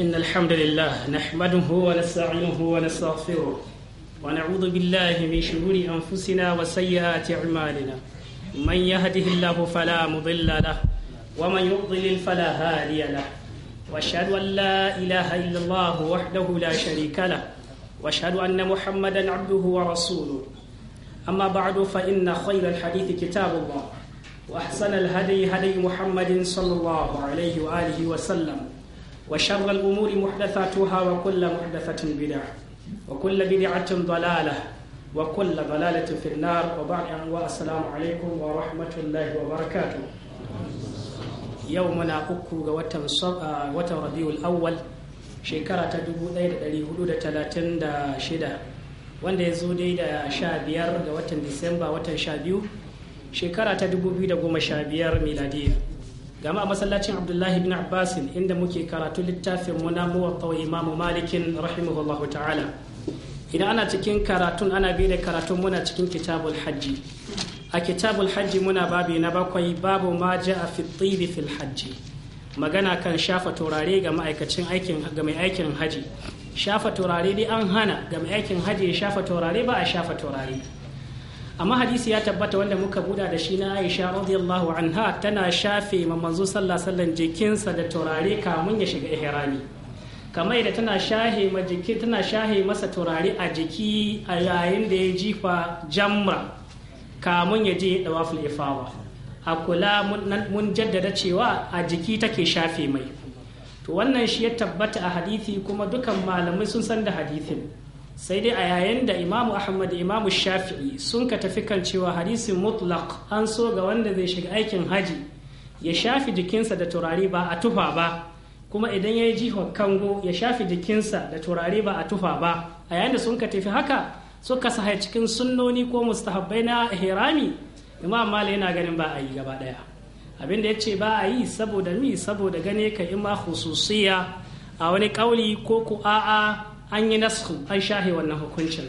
إن الحمد لله نحمده ونستعينه ونستغفره ونعوذ بالله من شرور أنفسنا وسيئات أعمالنا من يهده الله فلا مضل له ومن يضلل فلا هادي له واشهد ان لا اله الا الله وحده لا شريك له واشهد ان محمدا عبده ورسوله اما بعد فان خير الحديث كتاب الله واحسن الهدي هدي محمد صلى الله عليه واله وسلم وشر الأمور محدثاتها وكل محدثة بدعة وكل بدعة ضلالة وكل ضلالة في النار وبعد والسلام عليكم ورحمة الله وبركاته يومنا أكو وتم وتم ربيع الأول shekara ta 1436 wanda ya zo dai da 15 ga watan disamba watan 12 shekara ta 2015 miladiyya gama a masallacin abdullahi ibn abbasin inda muke karatu littafin mu na muwatta imamu malikin rahimahullahu ta'ala idan ana cikin karatun ana bi da karatun muna cikin kitabul hajji a kitabul hajji muna babi na bakwai babu ma a fi tibi fil hajji magana kan shafa turare ga ma'aikacin aikin ga mai aikin hajji. shafa turare dai an hana ga mai aikin hajji ya shafa turare ba a shafa turare amma hadisi ya tabbata wanda muka buda da shi na aisha radiyallahu anha tana shafe ma manzo sallallahu jikinsa da turare kamun ya shiga ihrami kamar yadda tana shahe ma jiki tana shahe masa turare a jiki a yayin da ya jifa jamra kamun ya je dawaful ifawa a kula mun jaddada cewa a jiki take shafe mai to wannan shi ya tabbata a hadisi kuma dukan malamai sun san da hadisin sai dai a yayin da imamu ahmad imamu shafi'i sun ka tafi kan cewa hadisin mutlaq an so ga wanda zai shiga aikin haji ya shafi jikinsa da turare ba a tufa ba kuma idan ya yi kango ya shafi jikinsa da turare ba a tufa ba a yayin da sun ka tafi haka suka sahi cikin sunnoni ko mustahabbai na hirami imam malam yana ganin ba a yi gaba daya abinda ya ce ba a yi saboda mi saboda gane ka ima khususiya a wani kauli ko ku a'a an yi nasu an shahe wannan hukuncin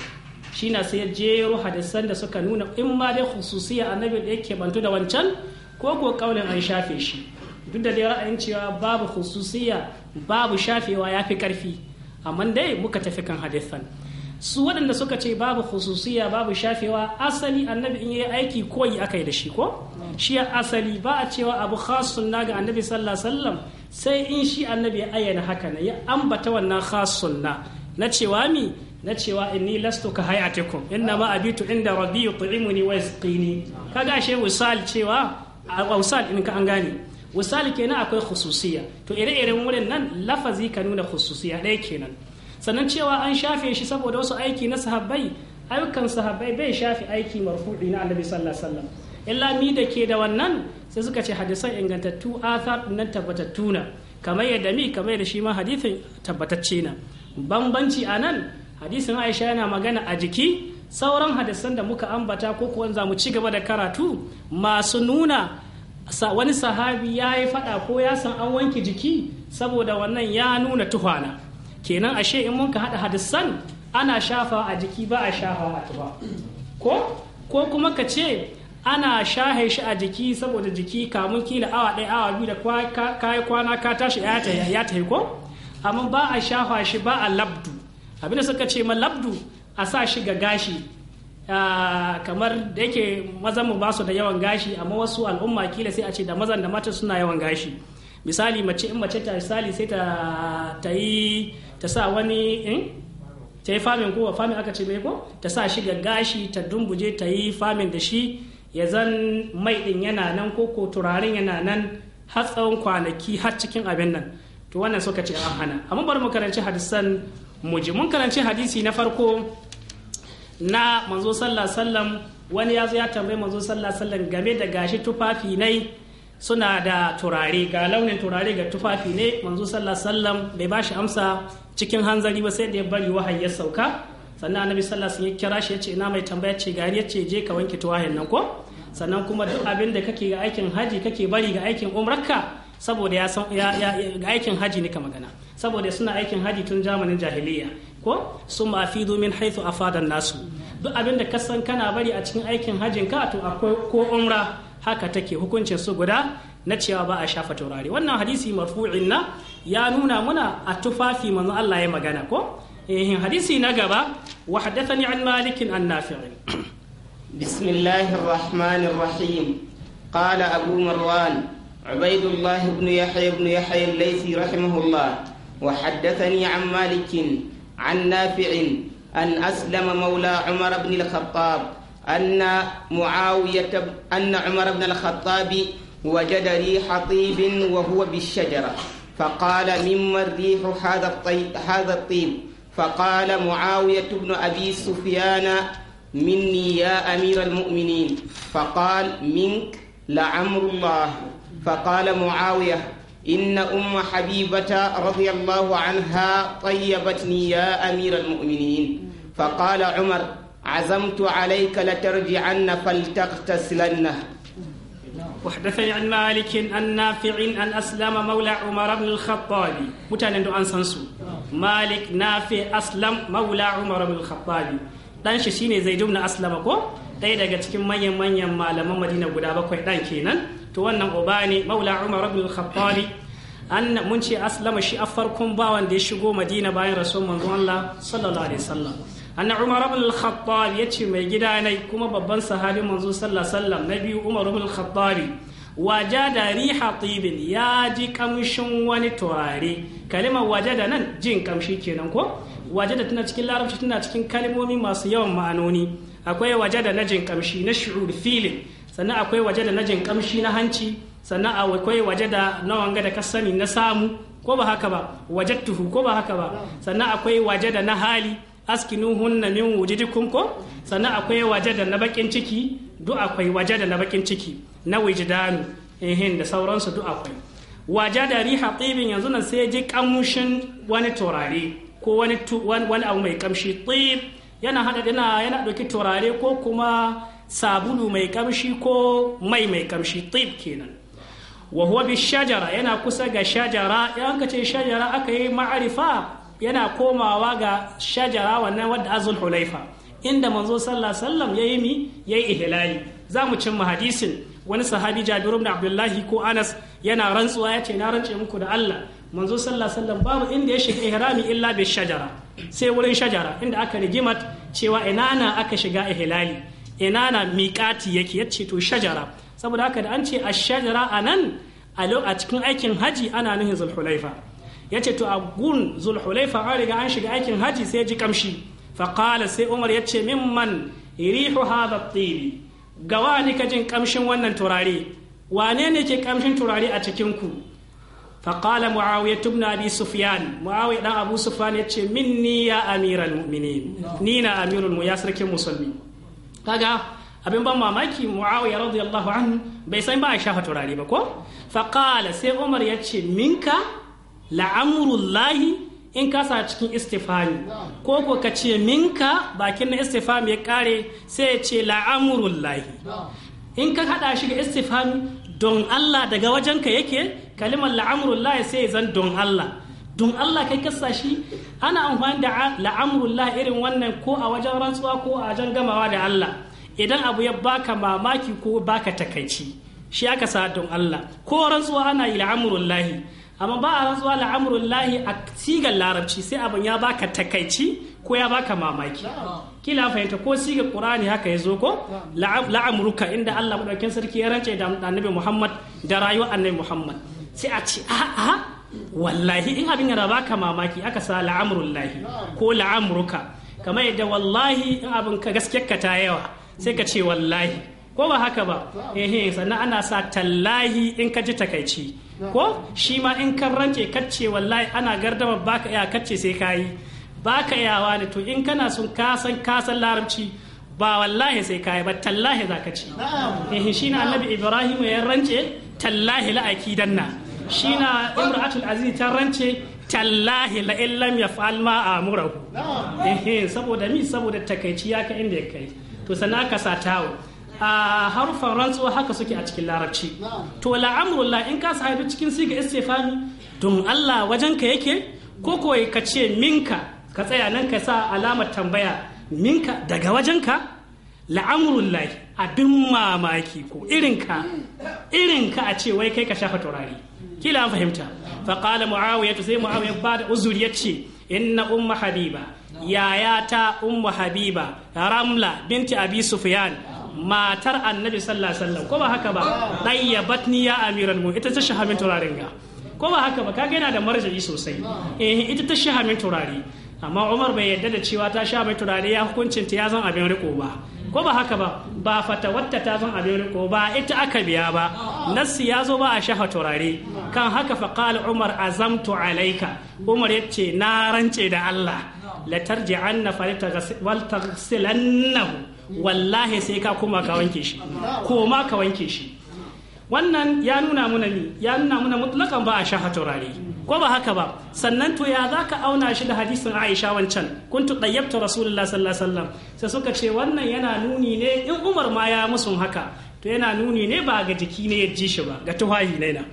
shi na sai jero hadisan da suka nuna in ma dai khususiya annabi da yake bantu da wancan ko ko kaulin an shafe shi duk da dai ra'ayin cewa babu hususiya babu shafewa ya fi karfi amma dai muka tafi kan hadisan su waɗanda suka ce babu hususiya babu shafewa asali annabi in yi aiki koyi aka yi da shi ko shi asali ba a cewa abu khasun na ga annabi sallallahu alaihi wasallam sai in shi annabi ya ayyana haka ne ya ambata wannan khasun na na cewa mi na cewa inni lastu ka hayatikum inna ma abitu inda rabbi yut'imuni wa yasqini kaga ashe wusal cewa wusal in ka an gane wusal kenan akwai khususiya to ire-iren wurin nan lafazi ka nuna khususiya ɗaya kenan sannan cewa an shafe shi saboda wasu aiki na sahabbai ayyukan sahabbai bai shafe aiki marfu'i na annabi sallallahu alaihi wasallam illa mi da ke da wannan sai suka ce hadisan ingantattu athar nan tabbatattuna kamar yadda mi kamar yadda shi ma hadithin tabbatacce na bambanci a nan hadisin aisha yana magana a jiki sauran hadisan da muka ambata ko kuwa za mu ci gaba da karatu masu nuna wani sahabi ya yi fada ko ya san an wanke jiki saboda wannan ya nuna tuhana kenan ashe in mun ka hada hadisan ana shafa a jiki ba a shafa a tuba ko ko kuma ka ce ana shahe shi a jiki saboda jiki kamun kila awa ɗaya awa biyu da kayi kwana ka tashi ya ta ko amma ba a shafa shi ba a labdu abinda suka ce ma labdu a sa shi ga gashi ah, kamar da yake mazan mu basu da yawan gashi amma wasu al'umma kila sai a ce da mazan da mata suna yawan gashi misali mace in mace ta misali sai ta ta yi ta sa wani in eh? ta yi famin ko famin aka ce bai ko ta sa shi ga gashi ta dumbuje ta yi famin da shi ya zan mai din yana nan ko ko turaren yana nan har tsawon kwanaki har cikin abin nan to wannan suka ce an hana amma bari mu karanci hadisan muji mun karanci hadisi na farko na manzo sallah sallam wani ya ya tambayi manzo sallah sallam game da gashi tufafi ne suna da turare ga launin turare ga tufafi ne manzo sallah sallam bai ba shi amsa cikin hanzari ba sai da ya bari wahayi ya sauka sannan annabi sallah wasallam ya kira shi ya ce ina mai tambaya ce gari ya ce je ka wanke tuwayen nan ko sannan kuma duk abin da kake ga aikin haji kake bari ga aikin umrarka saboda ya san ya aikin haji ne ka magana saboda suna aikin haji tun zamanin jahiliya ko sun ma fi domin haithu afadan nasu duk abin da san kana bari a cikin aikin hajin ka to akwai ko umra haka take hukuncin su guda na cewa ba a shafa taurari wannan hadisi marfu'in na ya nuna muna a tufafi manzo Allah ya magana ko eh hadisi na gaba wa haddathani an malik an nafi'in bismillahir rahmanir rahim qala abu marwan عبيد الله بن يحيى بن يحيى الليثي رحمه الله وحدثني عن مالك عن نافع أن أسلم مولى عمر بن الخطاب أن معاوية أن عمر بن الخطاب وجد ريح طيب وهو بالشجرة فقال مما الريح هذا الطيب هذا الطيب فقال معاوية بن أبي سفيان مني يا أمير المؤمنين فقال منك لعمر الله فقال معاوية إن أم حبيبة رضي الله عنها طيبتني يا أمير المؤمنين فقال عمر عزمت عليك لترجعن فلتغتسلنه وحدثني عن مالك عن نافع أن أسلم مولى عمر بن الخطاب متان أن أنسانسو مالك نافع أسلم مولى عمر بن الخطاب dan shi shine Zaid ibn Aslama ko ɗaya daga cikin manyan manyan malaman Madina guda bakwai dan kenan to wannan uba ne maula umar ibn al an mun ce aslama shi a farkon bawan da ya shigo madina bayan rasul manzon Allah sallallahu alaihi wasallam anna umar ibn al-khattab yace mai gida ne kuma babban sahabi manzo sallallahu alaihi wasallam na biyu umar ibn al-khattab wajada riha tibin ya ji kamshin wani turare kalimar wajada nan jin kamshi kenan ko wajada tana cikin larabci tana cikin kalmomi masu yawan ma'anoni akwai wajada na jin kamshi na shu'ur filin sannan akwai waje da najin kamshi na hanci sannan akwai waje da na wanga da ka sani na samu ko ba haka ba tuhu ko ba haka ba sannan akwai waje da na hali hunna min wujidikum ko sannan akwai waje da na bakin ciki duk akwai waje da na bakin ciki na wujdanu ehin da sauransu duk akwai waje da riha tibin yanzu nan sai ji kamshin wani turare ko wani wani abu mai kamshi tib yana hada yana yana dauki turare ko kuma sabulu mai kamshi ko mai mai kamshi tib kenan wa huwa bi shajara yana kusa ga shajara idan ka ce shajara aka yi ma'arifa yana komawa ga shajara wannan wadda azul hulaifa inda manzo sallallahu sallam yayi mi yayi ihlali za mu cimma hadisin wani sahabi Jabir ibn Abdullahi ko Anas yana rantsuwa ya ce na rantse muku da Allah manzo sallallahu babu inda ya shiga ihrami illa bi shajara sai wurin shajara inda aka rigimat cewa ina na aka shiga ihlali ina na miƙati yake ya ce to shajara saboda haka da an ce a shajara a nan a cikin aikin haji ana nuhin zulhulaifa ya ce to a gun zulhulaifa an riga an shiga aikin haji sai ji kamshi faƙala sai umar ya ce man rihu hadha tiri ga wani ka jin kamshin wannan turare wane ne ke kamshin turare a cikin ku faƙala muawiya ibn abi sufyan muawiya dan abu sufyan ya ce ni ya amiral mu'minin ni na amirul mu ya sarkin musulmi kaga abin ban mamaki muawiya radiyallahu anhu bai san ba a shafa turare ba ko faqala sai umar ya ce minka la'amrullahi in kasa cikin Istifani ko ko ka ce minka bakin na istifami ya kare sai ya ce la'amrullahi in ka hada shi ga istifami don Allah daga wajenka yake kalimar la'amrullahi sai zan don Allah don Allah kai kasa shi ana amfani da la'amrullahi irin wannan ko a wajen rantsuwa ko a wajen gamawa da Allah idan abu ya baka mamaki ko baka takaici shi aka sa don Allah ko rantsuwa ana yi amma ba a rantsuwa la'amrullah a sigar larabci sai abin ya baka takaici ko ya baka mamaki kila fahimta ko sigar qur'ani haka ya zo ko la'amuruka inda Allah madaukakin sarki ya rance da annabi Muhammad da rayuwar annabi Muhammad sai a ce a'a wallahi in abin yana baka mamaki aka sa la'amrullahi ko la'amruka kamar yadda wallahi in abin ka ka ta yawa sai ka ce wallahi ko ba haka ba ehe sannan ana sa tallahi in ka ji takaici ko shi ma in kan rance kacce wallahi ana gardama baka iya kacce sai ka yi baka yawa ne to in kana sun kasan kasan larabci ba wallahi sai ka yi ba tallahi za ka ce. ehe shi na annabi ibrahim ya rance tallahi la'aki danna Shina na aziz ta rance tallahi la illam yaf'al ma amurahu eh saboda mi saboda takaici ya ka inda ya kai to sana ka satawo a harufan rantsuwa haka suke a cikin larabci to la in ka sa sahibi cikin siga istifami don Allah wajen ka yake ko ko ka ce minka ka tsaya nan ka sa alamar tambaya minka daga wajen ka la'amrullahi abin mamaki ko irinka irinka a ce wai kai ka shafa turare kila an fahimta fa qala muawiya sai muawiya ba da uzuri yace inna umma habiba yayata Umma habiba ramla binti abi sufyan matar annabi sallallahu alaihi wasallam ko ba haka ba dayya batni ya amiran mu ita ta shahamin turaren ga ko ba haka ba kaga yana da marjayi sosai eh ita ta shahamin turare amma Umar bai yarda da cewa ta sha mai turare ya hukuncin ta ya zan abin riko ba ko ba haka ba ba fata wata ta zan abin ko ba ita aka biya ba nassi ya zo ba a shafa turare kan haka faqala umar azamtu alaika umar yace na rance da Allah la tarji'anna na wallahi sai ka kuma ka wanke shi koma ka wanke shi wannan ya nuna mana ya nuna muna mutlakan ba a shafa turare ko ba haka ba sannan to ya za ka auna shi da hadisin aisha wancan kun tu ɗayyabta rasulullah sallallahu alaihi wasallam sai suka ce wannan yana nuni ne in umar ma ya musu haka to yana nuni ne ba ga jiki ne ya ji shi ba ga tuhayi ne na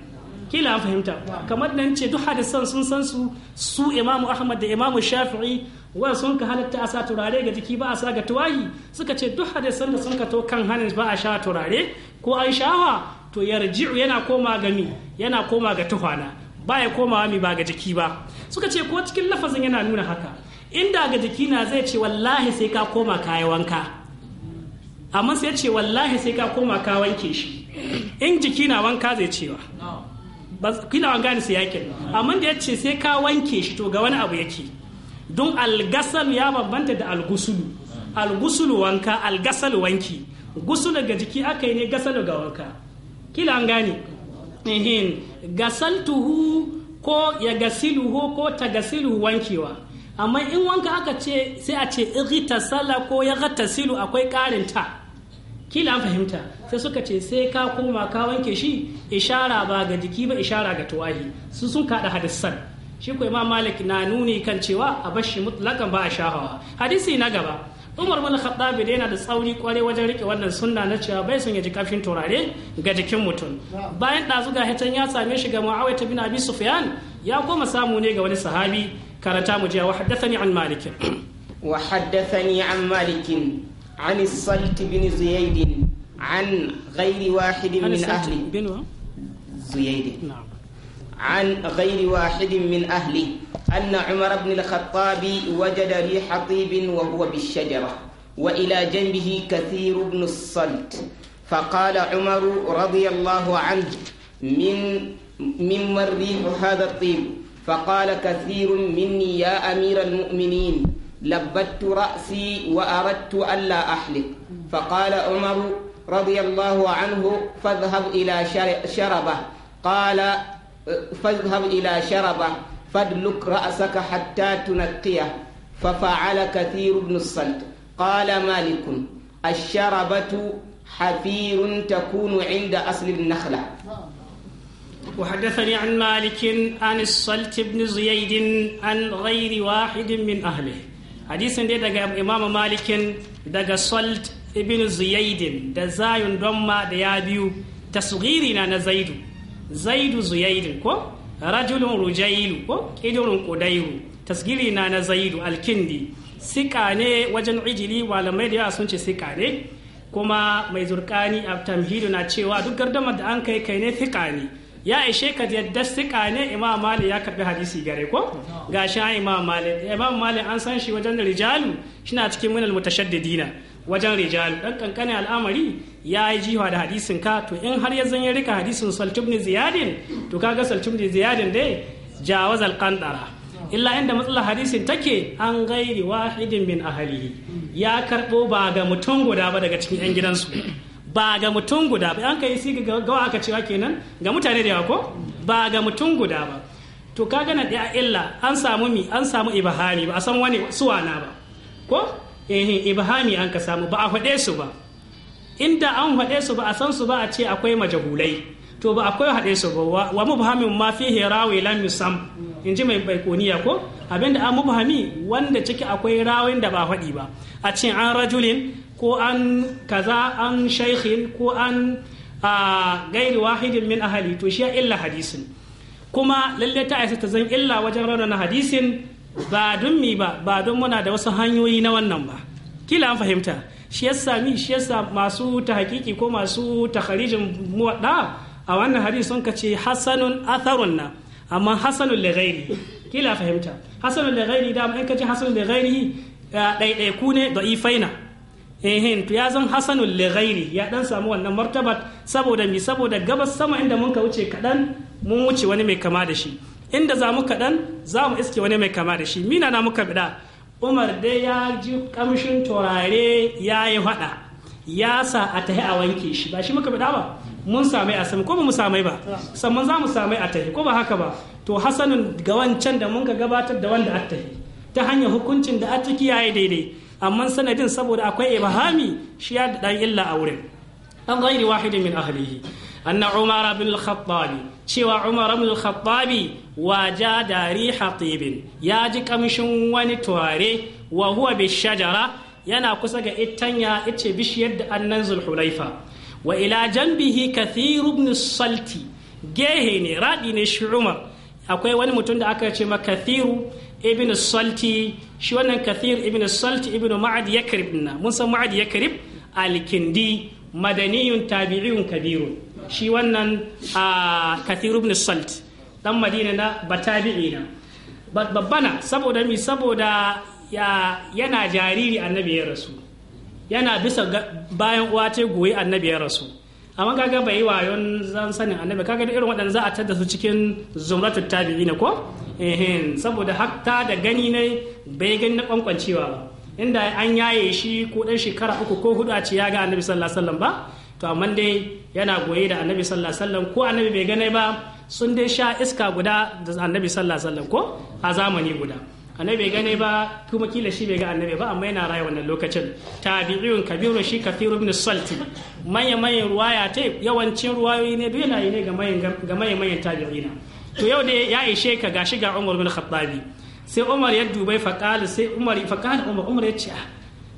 kila an fahimta kamar nan ce duk hadisan sun san su su imamu ahmad da imamu shafi'i wa sun ka halatta a sa turare ga jiki ba a sa ga tuwahi suka ce duk hadisan da sun ka to kan hanin ba a sha turare ko an shawa to yarji'u yana koma ga mi yana koma ga tuhana ba ya komawa mi ba ga jiki ba suka ce ko cikin lafazin yana nuna haka inda ga jiki na zai ce wallahi sai ka koma kayi wanka amma sai ce wallahi sai ka koma ka wanke shi in jiki na wanka zai cewa ba kina wanka ne sai yakin amma da ya ce sai ka wanke shi to ga wani abu yake don algasal ya bambanta da algusulu algusulu wanka algasal wanki gusulu ga jiki aka yi ne gasalu ga wanka kila an gane gasaltuhu ko ya gasiluhu ko ta gasilu wankewa amma in wanka aka ce sai a ce sala ko ya silu akwai karin ta kila an fahimta sai suka ce sai ka koma ka wanke shi ishara ba ga jiki ba ishara ga tuwahi su sun kada hadisan shi ko imam malik na nuni kan cewa a bashi mutlakan ba a shahawa hadisi na gaba umar bin khattab yana da tsauri kware wajen rike wannan sunna na cewa bai son ya ji kafin turare ga jikin mutum bayan dazu ga hitan ya same shi ga muawiya bin abi sufyan ya koma samu ne ga wani sahabi karanta mu je wa haddathani an malik wa haddathani an malik an salt bin zuyaid an ghairi wahid min ahli bin zuyaid na'am عن غير واحد من أهله أن عمر بن الخطاب وجد ريح طيب وهو بالشجرة وإلى جنبه كثير بن الصلت فقال عمر رضي الله عنه من مما الريح هذا الطيب فقال كثير مني يا أمير المؤمنين لبدت رأسي وأردت ألا أحلق فقال عمر رضي الله عنه فاذهب إلى شربه قال فاذهب إلى شربة فادلك رأسك حتى تنقيه ففعل كثير بن الصلت قال مالك الشربة حفير تكون عند أصل النخلة وحدثني عن مالك عن الصلت بن زيد عن غير واحد من أهله حديث دي دقى إمام مالك دقى صلت ابن زيد دزاي دم ديابيو تصغيرنا نزيدو zaidu zuyaidu ko rajulun rujailu ko kidurun ƙudairu tasgiri na na zaidu alkindi sika ne wajen ijili malamai da yawa sun ce sika ne kuma mai zurkani a tamhidu na cewa duk gardamar da an kai kai ne sika ne ya ishe ka yadda sika ne imam malik ya karbi hadisi gare ko gashi an imam malik imam malik an san shi wajen rijalu shina cikin munal mutashaddidina wajen rijal dan kankanin al'amari ya yi jiwa da hadisin ka to in har ya zan ya rika hadisin saltubni ziyadin to kaga saltubni ziyadin dai jawaz alqandara illa inda matsalar hadisin take an gairi wahidin min ahalihi ya karbo ba ga mutum guda ba daga cikin yan gidansu ba ga mutum guda ba an kai siga gawa aka cewa kenan ga mutane da yawa ko ba ga mutum guda ba to kaga na da illa an samu mi an samu ibahari ba a san wani suwana ba ko eh ibhami an ka samu ba a faɗe su ba inda an faɗe su ba a san su ba a ce akwai majahulai to ba akwai haɗe su ba wa mubhamin ma fihi rawi lam yusam in ji mai baikoniya ko abinda an mubhami wanda ciki akwai rawin da ba faɗi ba a ce an rajulin ko an kaza an shaikhin ko an a gairi wahidin min ahali to shi illa hadisin kuma lalle ta aisa ta zan illa wajen raunana hadisin ba don mi ba ba don muna da wasu hanyoyi na wannan ba kila an fahimta shi yasa mi shi yasa masu ta hakiki ko masu takharijin muwadda a wannan hadisi sun kace hasanun atharun na amma hasanun li ghairi kila fahimta hasanun li ghairi da in kace hasanun li ghairi ku ne da ifaina ehin ya zan hasanun li ghairi ya dan samu wannan martabat saboda mi saboda gabas sama inda mun ka wuce kaɗan mun wuce wani mai kama da shi inda za mu kaɗan za mu iske wani mai kama da shi mina na muka biɗa umar dai ya ji kamshin turare ya yi haɗa ya sa a tahi a wanke shi ba shi muka biɗa ba mun samai a sami ko ba mu samai ba sannan za mu samai a tahi ko ba haka ba to hasanun ga wancan da mun ga gabatar da wanda a tahi ta hanyar hukuncin da a ciki ya yi daidai amma sanadin saboda akwai ibahami shi ya da ɗan illa a wurin an gairi wahidin min ahlihi anna umara bin al-khattabi cewa Umar ibn Khattabi waja da riha tibin ya ji kamshin wani turare wa huwa bi shajara yana kusa ga itanya ice bishiyar da annan zulhulaifa wa ila janbihi kathir ibn salti gehe ne radi ne shi Umar akwai wani mutum da aka ce ma kathiru ibn salti shi wannan kathir ibn salti ibn ma'ad yakrib na mun san ma'ad yakrib al-kindi madaniyun tabi'iyun Kabiru shi wannan a kathir ibn salt dan madina na batabi'i na babbana saboda mi saboda yana jariri annabi ya rasu yana bisa bayan uwa ta goyi annabi ya rasu amma kaga bai wayon zan sanin annabi kaga da irin waɗanda za a tada su cikin zumratul tabi'ina ko eh saboda hatta da gani ne bai gani na kwankwancewa ba inda an yaye shi ko dan shekara uku ko hudu a ce ya ga annabi sallallahu alaihi wasallam ba to amma dai yana goye da annabi sallallahu alaihi wasallam ko annabi bai gane ba sun dai sha iska guda da annabi sallallahu alaihi wasallam ko a zamani guda annabi bai gane ba kuma kila shi bai ga annabi ba amma yana rayuwa wannan lokacin tabi'un Kabiru shi kafiru ibn salti manya manyan ruwaya ta yawancin ruwayoyi ne duk yana yi ne ga manyan ga manyan tabi'ina to yau dai ya ishe ka gashi ga Umar bin Khattabi sai umar ya dubai faƙali sai umar faƙali umar umar ya ce ah,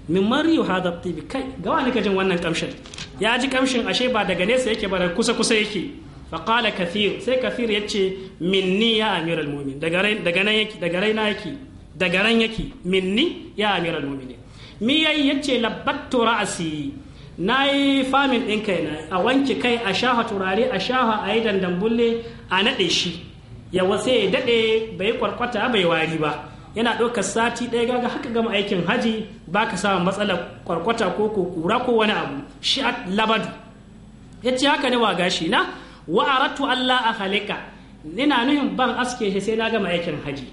min mariyu hada tibi kai gawa ne jin wannan kamshin ya ji kamshin ashe ba daga nesa yake ba daga kusa kusa yake faƙala kathir sai kathir ya ce minni ya amiral mumin daga nan yake daga raina yake daga ran yake minni ya amiral mumin mi yayi ya ce labbattu ra'asi na yi famin ɗin kai na a wanke kai a shaha turare a shaha a yi dandambulle a naɗe shi yawa sai ya daɗe bai kwarkwata bai wari ba yana ɗaukar sati ɗaya gaga haka gama aikin haji ba ka samun matsalar kwarkwata ko ko kura ko wani abu shi a labadu ya ce haka ne wa gashi na wa Allah a halika ina nuhin ban aske shi sai na gama aikin haji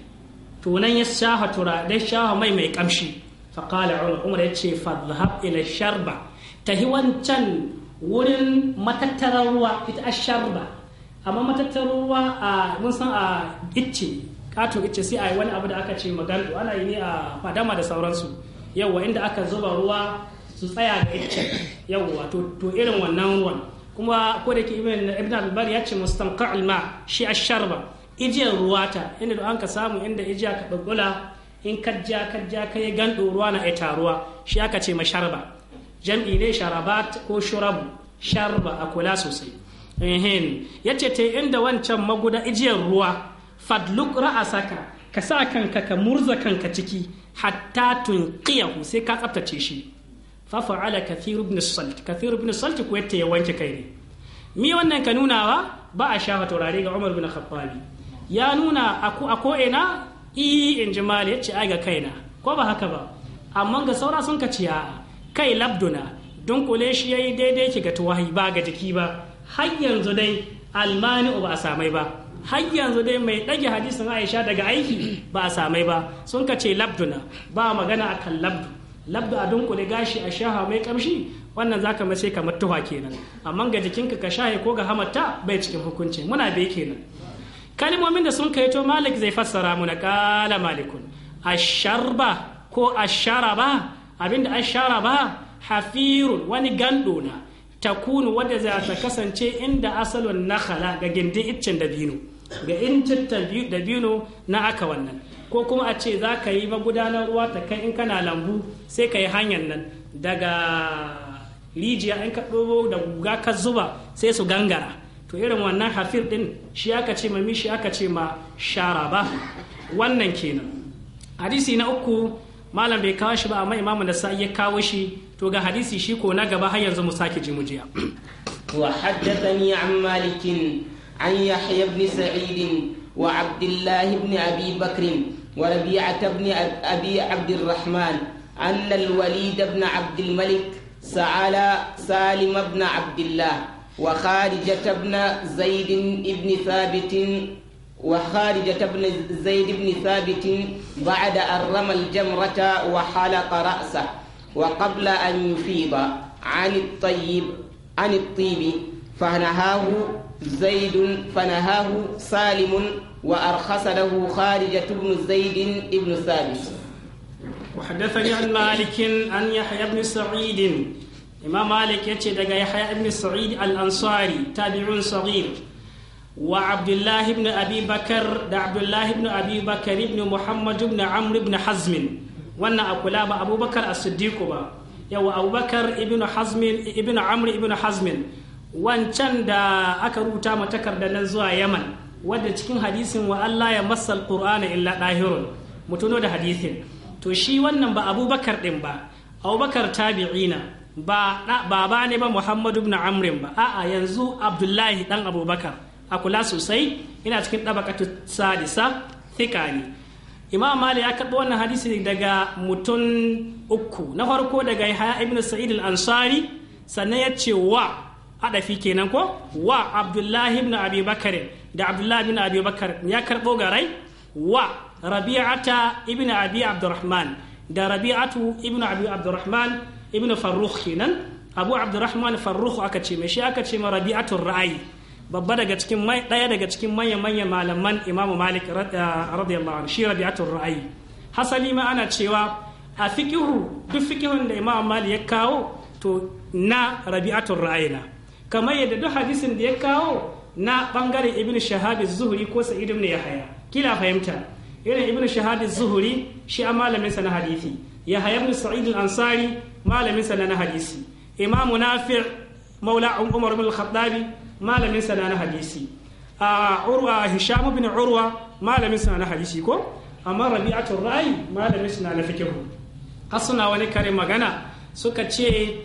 to nan ya shaha tura dai shaha mai mai kamshi fa qala umar ya ce fadhhab ila sharba tahi wancan wurin matattarar ruwa ita Sharba. amma matattar ruwa a mun san a icce katon icce sai a yi wani abu da aka ce magando ana yi ne a fadama da sauransu yawwa inda aka zuba ruwa su tsaya ga icce yawwa to irin wannan ruwan kuma ko da ke ibn al-bar ya ce mustan al-ma shi a sharba ijiyar ruwa ta inda da an ka samu inda ijiya ka dagula in kajja kajja ka yi gando ruwa na ita ruwa shi aka ce sharba jam'i ne sharabat ko shurabu sharba a kula sosai ya ce ta inda wancan maguda ijiyar ruwa fadluk ra'asaka ka sa kanka ka murza kanka ciki hatta tun qiyahu sai ka tsaftace shi fa fa'ala kathir ibn salt kathir ibn salt ko yatta ya wanke kai ne mi wannan ka nunawa ba a shafa taurare ga Umar ibn Khattabi ya nuna a ko ina i in Ya yace ai ga kaina ko ba haka ba amma ga saura sun ka ciya kai labduna dunkule shi yayi daidai ki ga tuwahi ba ga jiki ba har yanzu dai almani ba a samai ba har yanzu dai mai ɗage hadisin aisha daga aiki ba a samai ba sun ka ce labduna ba magana a kan labdu labdu a dunkule gashi a shaha mai kamshi wannan zaka mace kamar tuwa kenan amma ga jikinka ka shahe ko ga hamatta bai cikin hukunci muna bai kenan kalmomin da sun kaito malik zai fassara mu na kala malikun asharba ko asharaba abinda asharaba hafirun wani gando na takunu wadda za ta kasance inda asalin nakhala ga gindin iccen dabino ga incin dabino na aka wannan ko kuma a ce za ka yi magudanar ruwa ta kai in kana lambu sai ka yi hanyar nan daga rijiya in ka ɗobo da guga ka zuba sai su gangara to irin wannan hafir ɗin shi aka ce ma mishi aka ce ma shara ba wannan kenan hadisi na uku malam bai kawo shi ba amma imamu da sa'i ya kawo shi to ga hadisi shi ko na gaba har yanzu mu sake ji mujiya wa haddathani an malikin an yahya ibn sa'id wa abdullah ibn abi bakr wa rabi'ah ibn abi abd الرحمن أن الوليد بن عبد الملك سأل سالم بن عبد الله وخارجة بن زيد بن ثابت وخارجة بن زيد بن ثابت بعد أن رمى الجمرة وحلق رأسه وقبل أن يفيض عن الطيب عن الطيب فنهاه زيد فنهاه سالم وأرخص له خارجة بن زيد بن ثابت وحدثني عن مالك عن يحيى بن سعيد إمام مالك يتشي دقا يحيى بن سعيد الأنصاري تابع صغير وعبد الله بن أبي بكر دا عبد الله بن أبي بكر بن محمد بن عمرو بن حزم wannan a kula ba abubakar as-siddiq ba yawa abubakar Ibn hazmin Ibn amr ibn hazmin wancan da aka rubuta ma takardar zuwa yaman wadda cikin hadisin wa Allah ya masal Kur'ana illa dahirun mutuno da hadisin to shi wannan ba abubakar din ba abubakar tabi'ina ba baba ne ba muhammadu ibn amrin ba a'a yanzu abdullahi dan abubakar a kula sosai ina cikin dabaqatu sadisa thika ne imam malik ya karɓi wannan hadisi daga mutum uku na farko daga yahya ibn sa'id al-ansari sannan ya ce wa hadafi kenan ko wa abdullahi ibn abi bakar da abdullahi ibn abi ya karbo garai wa rabi'ata ibn abi abdurrahman da rabi'atu ibn abi abdurrahman ibn farrukh kenan abu abdurrahman farrukh aka ce mai shi aka ce ma Rabi'atu ra'ayi babba daga cikin daya daga cikin manya manya malaman imamu malik eh, radiyallahu anhu shi rabi'atul ra'ayi hasali ma ana cewa a fikihu duk fikihun da imamu malik ya kawo to na rabi'atul ra'ayi na kamar yadda duk hadisin da ya kawo na bangaren ibn shahabi zuhuri ko sa'id ibn yahaya kila fahimta irin ibn shahabi zuhuri shi a malamin sa na hadisi yahaya ibn sa'id al-ansari malamin sa na hadisi imamu nafi' maula umar ibn al-khattabi malamin sa na hadisi a urwa hisham ibn urwa malamin sa na hadisi ko amma rabi'atul ra'i malamin sa na fiqh hasuna wani kare magana suka ce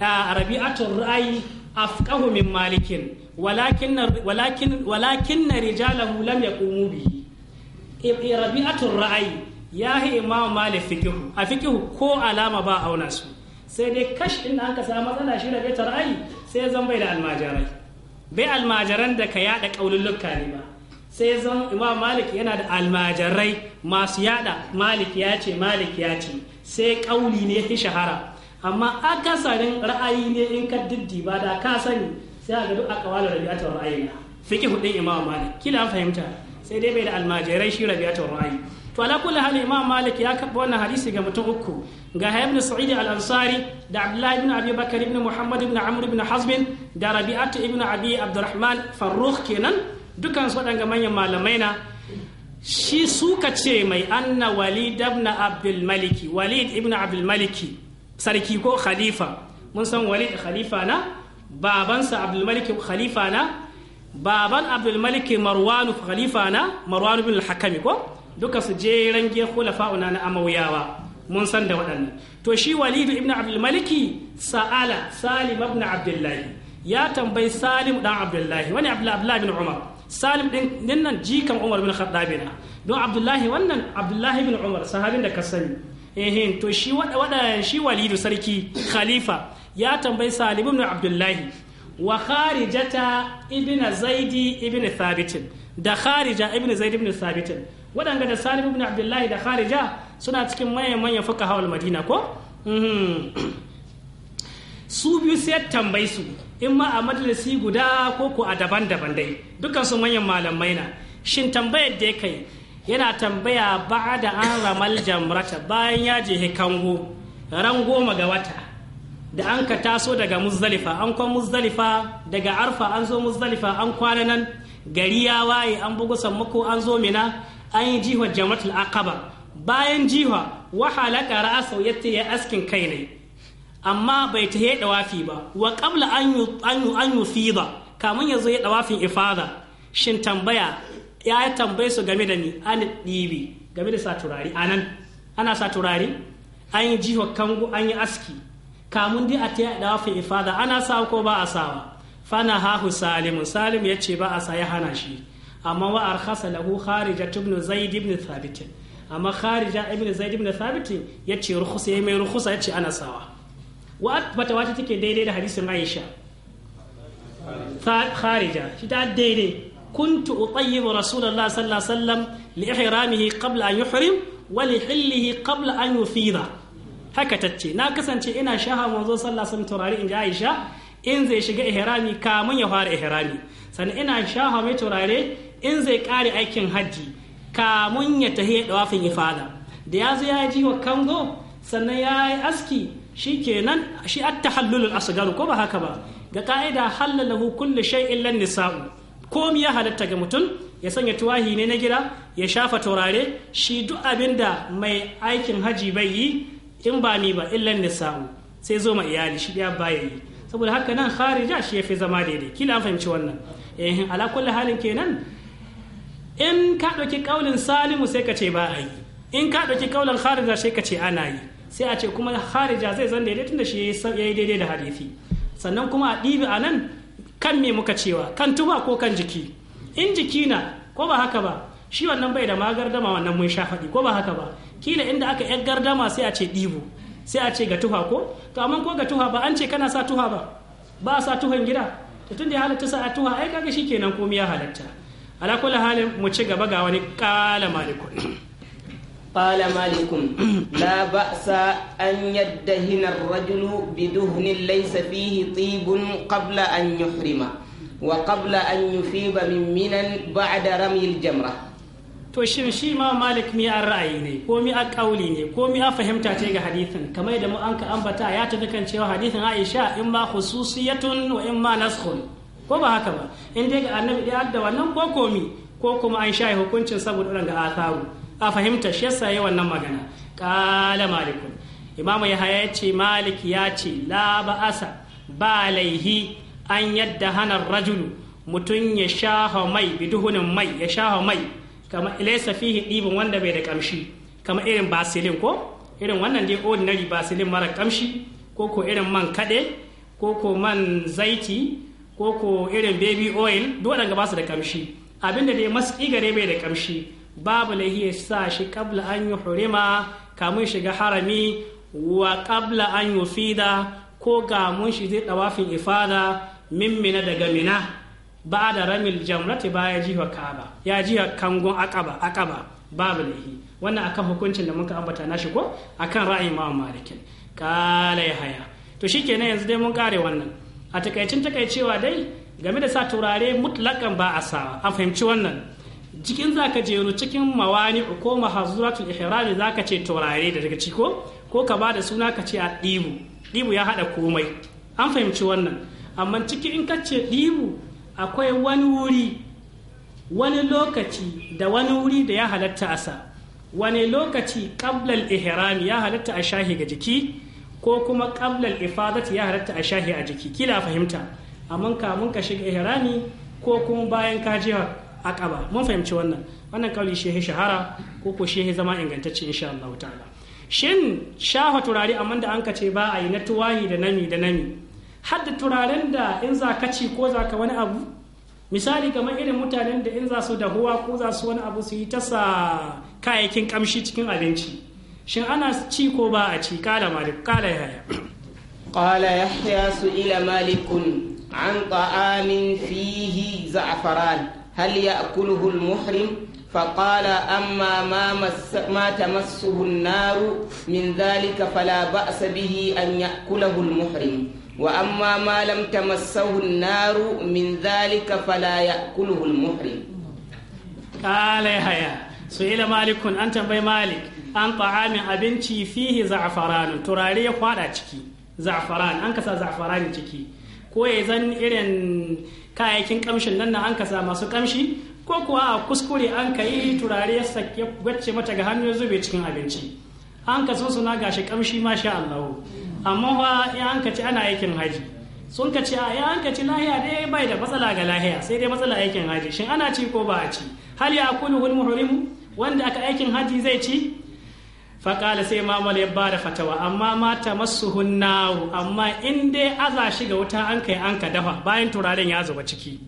a rabi'atul ra'i afqahu min malikin walakin walakin walakin rijalahu lam yaqumu bihi rabi'atul ra'i ya yi imam malik fikihu a fikihu ko alama ba auna su sai dai kash in aka samu matsala shi da betar ra'ayi, sai zan bai da almajirai bai almajiran da ka yada kaululluka ne ba sai zama imam malik yana da almajirai masu yada malik ya ce malik ya ce sai kauli ne fi shahara amma akasarin ra'ayi ne in ka diddi ba da ka sani sai a ga duk a rabi'atul ra'ayi fiqh hudun imam malik kila fahimta sai dai bai da almajirai shi rabi'atul ra'ayi to ala kulli hal imam malik ya karɓi wannan hadisi ga mutum uku ga hayy ibn sa'id al ansari da abdullahi ibn abi bakar ibn muhammad ibn amr ibn hazm da rabi'atu ibn abi abdurrahman farrukh kenan dukan su waɗanga manyan malamai na shi suka ce mai anna walid ibn abdul maliki walid ibn abdul maliki sarki ko khalifa mun san walid khalifa na babansa abdul maliki khalifa na baban abdul maliki marwan khalifa na marwan ibn al-hakami ko duka su je range khulafa'una na amawiyawa mun san da waɗannan to shi walidu ibn abdulmaliki sa'ala salim ibn abdullahi ya tambayi salim dan abdullahi wani abdullahi bin umar salim din nan jikan umar bin khattab na don abdullahi wannan abdullahi bin umar sahabin da ka sani eh to shi wada shi walidu sarki khalifa ya tambayi salim ibn abdullahi wa kharijata ibn zaidi ibn thabit da kharija ibn zaid ibn thabit waɗanda da salim ibn abdullahi da kharija suna cikin manyan manyan fuka hawal madina ko mhm. su biyu sai tambayi su in ma a majalisi guda ko ko a daban-daban dai dukkan su manyan malamai na shin tambayar da ya kai yana tambaya ba da an ramal jamrata bayan ya je kango ran goma ga wata da an ka taso daga muzdalifa an kwan muzdalifa daga arfa an zo muzdalifa an kwana nan gari ya waye an bugu sammako an zo mina an yi jihar jamatul akaba bayan jiha ƙara halaka ra'asa yatta ya askin kai ne amma bai ta yi dawafi ba wa qabla an yu an yu kamun yazo ya i ifada shin tambaya ya tambaye su game da ni an dibi game da saturari anan ana saturari an yi jiha kango an yi aski kamun dai a ta yi dawafin ifada ana sawa ko ba a sawa fana hahu salimu salimu ya ce ba a sa ya hana shi amma wa arkhasa lahu kharija ibn zaid ibn thabit amma kharija ibn zaid ibn thabit yace rukhsa yayi mai rukhsa yace ana sawa wa bata wata take daidai da hadisin aisha kharija shi ta daidai كنت أطيب رسول الله صلى الله عليه وسلم لإحرامه قبل أن يحرم ولحله قبل أن يفيض haka tace na kasance ina shaha manzo sallah sun turare in ji Aisha in zai shiga ihrami kamun ya fara ihrami sannan ina shaha mai turare in zai kare aikin hajji kamun ya tahi ya dawafin ifada da ya zai yaji wa kango sannan ya yi aski shi kenan shi at tahallulul asgaru ko ba haka ba ga ka'ida hallala hukulle shay'in illan nisa'u komi ya halatta ga mutum ya sanya tuwahi ne na gida ya shafa turare shi duk abin da mai aikin haji bai yi in ba ni ba illan nisa'u sai zo ma iyali shi ya baya yi saboda haka nan kharija shi ya fi zama daidai kila an fahimci wannan eh, ala kulle halin kenan in ka ɗauki ƙaulin salimu sai ka ce ba a yi in ka ɗauki ƙaulin harija sai ka ce ana yi sai a ce kuma harija zai zan daidai da shi ya yi daidai da hadisi sannan kuma a ɗibi a nan kan me muka cewa kan tuba ko kan jiki in jiki na ko ba haka ba shi wannan bai da ma gardama wannan mun sha faɗi ko ba haka ba kila inda aka yar gardama sai a ce ɗibu sai a ce ga tuha ko to amma ko ga tuha ba an ce kana sa tuha ba ba a sa tuhan gida to tun da ya halatta sa a tuha ai kaga kenan komai ya halatta ala kulli halin mu ci gaba ga wani kala malikun qala malikun la ba'sa an yaddahina ar-rajulu biduhnin laysa fihi tibun qabla an yuhrima wa qabla an yufiba min minan ba'da ramyil jamra to shin shi ma malik mi an ra'ayi ne ko mi a kauli ne ko mi a fahimta ce ga hadithin kamar da mu an ka ambata ya tafi kan cewa hadithin aisha in ma khususiyatun wa in ma naskhun ko ba haka ba in dai ga annabi dai adda wannan ko komi ko kuma an shaye hukuncin saboda a atharu a fahimta shi yasa wannan magana qala malikun imam yahaya ya ce malik ya ce la ba'asa ba laihi an yadda hanar rajulu mutum ya shaha mai biduhunin mai ya shaha mai kama ilaisa fihi ɗibin wanda bai da kamshi kama irin basilin ko irin wannan dai ordinary basilin mara kamshi ko ko irin man kaɗe ko ko man zaiti ko ko irin baby oil dole ga ba su da kamshi abinda dai maski bai da kamshi babu lahi ya sa shi kabla an yi hurima kamun shiga harami wa kabla an yi fida ko ga shi zai dawafin ifada min mina daga mina ba da ramil jamrati ba ya jiwa kaba ya jiwa kangon akaba akaba babu lahi wannan akan hukuncin da muka ambata na shi ko akan ra'ayin imam malikin kala ya haya to shikenan yanzu dai mun kare wannan a takaicin takaicewa dai game da sa turare mutlakan ba a sawa an fahimci wannan cikin zaka jeru cikin mawani ko mahazuratul ihrami zaka ce turare da daga ciko ko ka ba da suna ka ce a ɗibu ɗibu ya haɗa komai an fahimci wannan amma cikin in ka ce ɗibu akwai wani wuri wani lokaci da wani wuri da ya halatta asa wani lokaci ƙablal ihrami ya halatta a shahi ga jiki ko kuma qablal ifadati ya halatta a shahi a jiki kila fahimta amma kamun ka shiga ihrami ko kuma bayan ka je akaba mun fahimci wannan wannan kauli shehi shahara ko ko shehi zama ingantacce insha Allah ta'ala shin shafa turare amma da an ce ba a yi na tuwahi da nami da nami har da turaren da in za ka ci ko za ka wani abu misali kamar irin mutanen da in za su dahuwa ko za su wani abu su yi tasa kayayyakin kamshi cikin abinci shin ana ci ko ba a ci kala malik kala yahya qala yahya su'ila malikun an ta'amin fihi za'faran hal ya'kuluhu al-muhrim فقال أما ما, مس ما تمسه النار من ذلك فلا بأس به أن يأكله المحرم وأما ما لم تمسه النار من ذلك فلا يأكله المحرم قال يا سئل مالك أنت بمالك an ta'amin abinci fihi za'afaran turare ya kwada ciki za'afaran an kasa za'afaran ciki ko ya zan irin kayayyakin kamshin nan na an kasa masu kamshi ko kuwa a kuskure an ka yi turare ya sake wacce mata ga hannu zube cikin abinci an ka so suna gashi kamshi ma sha Allah amma fa ya an ka ana aikin haji sun ka ce a ya an ka lahiya dai bai da matsala ga lahiya sai dai matsala aikin haji shin ana ci ko ba a ci hal ya kulul muhrimu wanda aka aikin haji zai ci faƙala sai mamala ya bada fatawa amma mata masu hunnawu amma in dai aza shi ga wuta an kai an ka dafa bayan turaren ya zuba ciki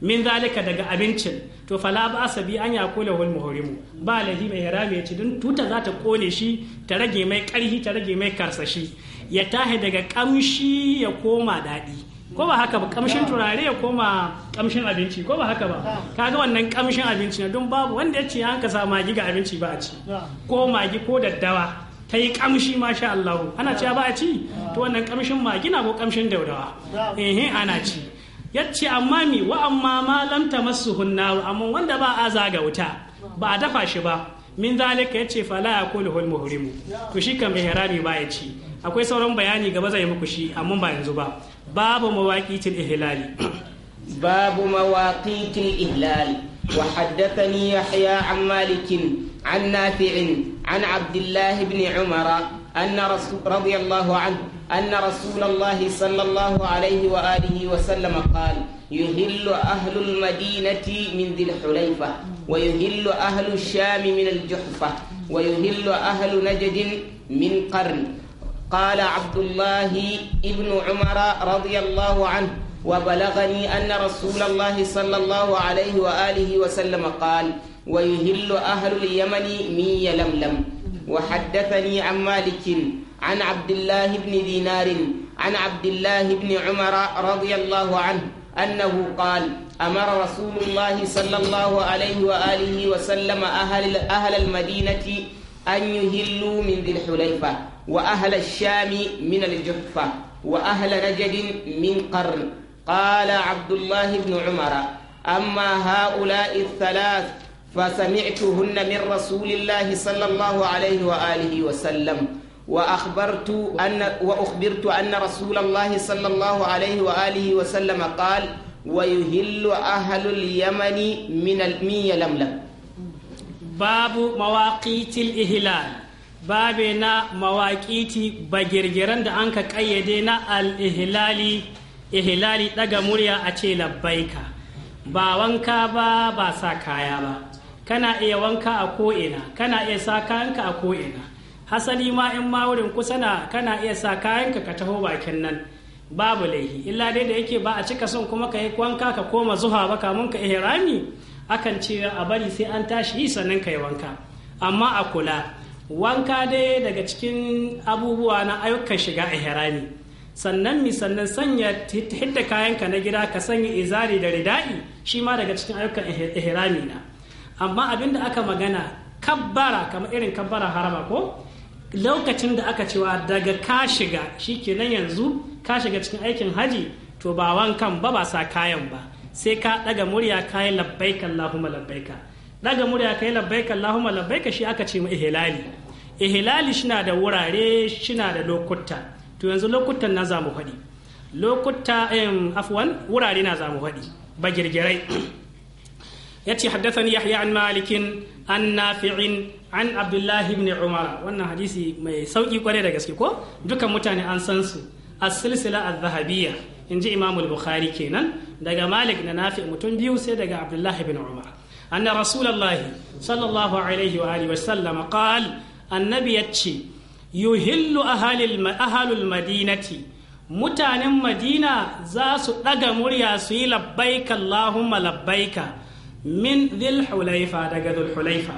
min zalika daga abincin to fala ba asabi an ya kula wal muhrimu ba lahi mai harami ya ci dun tuta za ta kone shi ta rage mai karhi ta rage mai karsashi ya tahe daga kamshi ya koma daɗi ko ba haka ba kamshin turare ya koma kamshin abinci ko ba haka ba kaga wannan kamshin abinci na don babu wanda ya ce an ka sa magi ga abinci ba a ci ko magi ko daddawa ta yi kamshi masha Allah ana ci ba a ci to wannan kamshin na ko kamshin daudawa eh ana ci ce amma mi wa amma ma lam hunna amma wanda ba a zaga wuta ba a dafa shi ba min zalika yace fala yaquluhul muhrimu to shi kan mai harami ba ya ci akwai sauran bayani gaba zai muku shi amma ba yanzu ba babu mawaƙitin ihlali babu mawaƙitin ihlali wa yahya an malikin an nafi'in anna radiyallahu an anna rasulullahi sallallahu alaihi wa alihi wa sallama qala يهل أهل المدينة من ذي الحليفة قال عبد الله ابن عمر رضي الله عنه وبلغني أن رسول الله صلى الله عليه وآله وسلم قال ويهل أهل اليمن مي لملم وحدثني عن مالك عن عبد الله بن دينار عن عبد الله بن عمر رضي الله عنه أنه قال أمر رسول الله صلى الله عليه وآله وسلم أهل, أهل المدينة أن يهلوا من ذي الحليفة وأهل الشام من الجحفة وأهل نجد من قرن قال عبد الله بن عمر أما هؤلاء الثلاث فسمعتهن من رسول الله صلى الله عليه وآله وسلم وأخبرت أن وأخبرت أن رسول الله صلى الله عليه وآله وسلم قال ويهل أهل اليمن من المية لملم باب مواقيت الإهلال babe na mawaƙiti bagirgiran da an ka ƙayyade na al ihilali ɗaga murya a ce labbaika ba wanka ba ba sa kaya ba kana iya wanka a ko'ina kana iya sa kayanka a ko'ina hasali ma in ma wurin kusa na kana iya sa kayanka ka taho bakin nan babu laihi illa dai da yake ba a cika son kuma ka yi wanka ka koma zuha ba kamun ka ihrami akan ce a bari sai an tashi sannan ka yi wanka amma a kula wanka dai daga cikin abubuwa na ayyukan shiga a herani sannan mi sannan sanya hidda kayanka na gida ka sanya izari da rida'i shi ma daga cikin ayyukan ihrami na amma abin da aka magana kabbara kamar irin kabbara harama ko lokacin da aka cewa daga ka shiga shi kenan yanzu ka shiga cikin aikin haji to ba wankan ba ba sa kayan ba sai ka daga murya kayan labbaika Allahumma labbaika daga murya kai labbaika Allahumma labbaika shi aka ce ma ihlali ihlali shina da wurare shina da lokuta to yanzu lokutan na zamu faɗi lokuta afwan wurare na zamu faɗi ba girgirai yace haddathani yahya an malikin an nafi'in an abdullahi ibn umara wannan hadisi mai sauki kware da gaske ko dukan mutane an san su as-silsila az-zahabiyya inji imam al-bukhari kenan daga malik na nafi mutum biyu sai daga abdullahi ibn umara أن رسول الله صلى الله عليه وآله وسلم قال النبي يتشي يهل أهل أهل المدينة mutanen madina za su ɗaga murya suyi yi labbaika allahumma labbaika min zulhulaifa daga zulhulaifa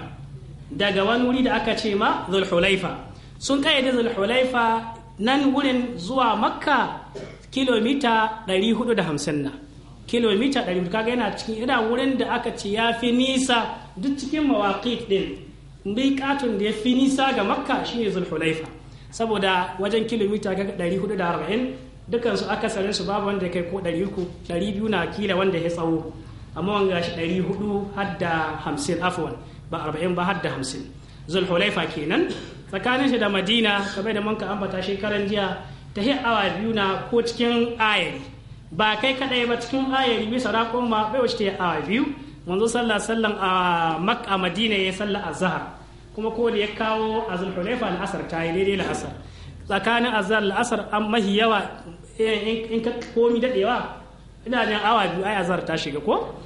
daga wani wuri da aka ce ma zulhulaifa sun kayyade zulhulaifa nan wurin zuwa makka kilomita 450 na kilomita 100 kaga yana cikin yana wurin da aka ce ya fi nisa duk cikin mawaƙit bai katon da ya fi nisa ga makka shi ne zulhulaifa saboda wajen kilomita ga arba'in dukan su akasarin su babu wanda ya kai ko ɗari ɗari uku biyu na kila wanda ya tsawo amma wanga shi hudu har da hamsin afuwan ba arba'in ba har da hamsin zulhulaifa kenan tsakanin shi da madina kamar da mun ambata shekaran jiya ta awa biyu na ko cikin ayari ba kai kadai ba cikin ayar biyu sana kuma bai wuce ta awa biyu manzo sallah sallan a makka madina ya sallah azhar kuma ko da ya kawo azul hulaifa al'asar ta yi daidai la'asar tsakanin azhar la'asar an mahi yawa eh, in ka komi dadewa ina jin awa biyu ai azhar ta shiga ko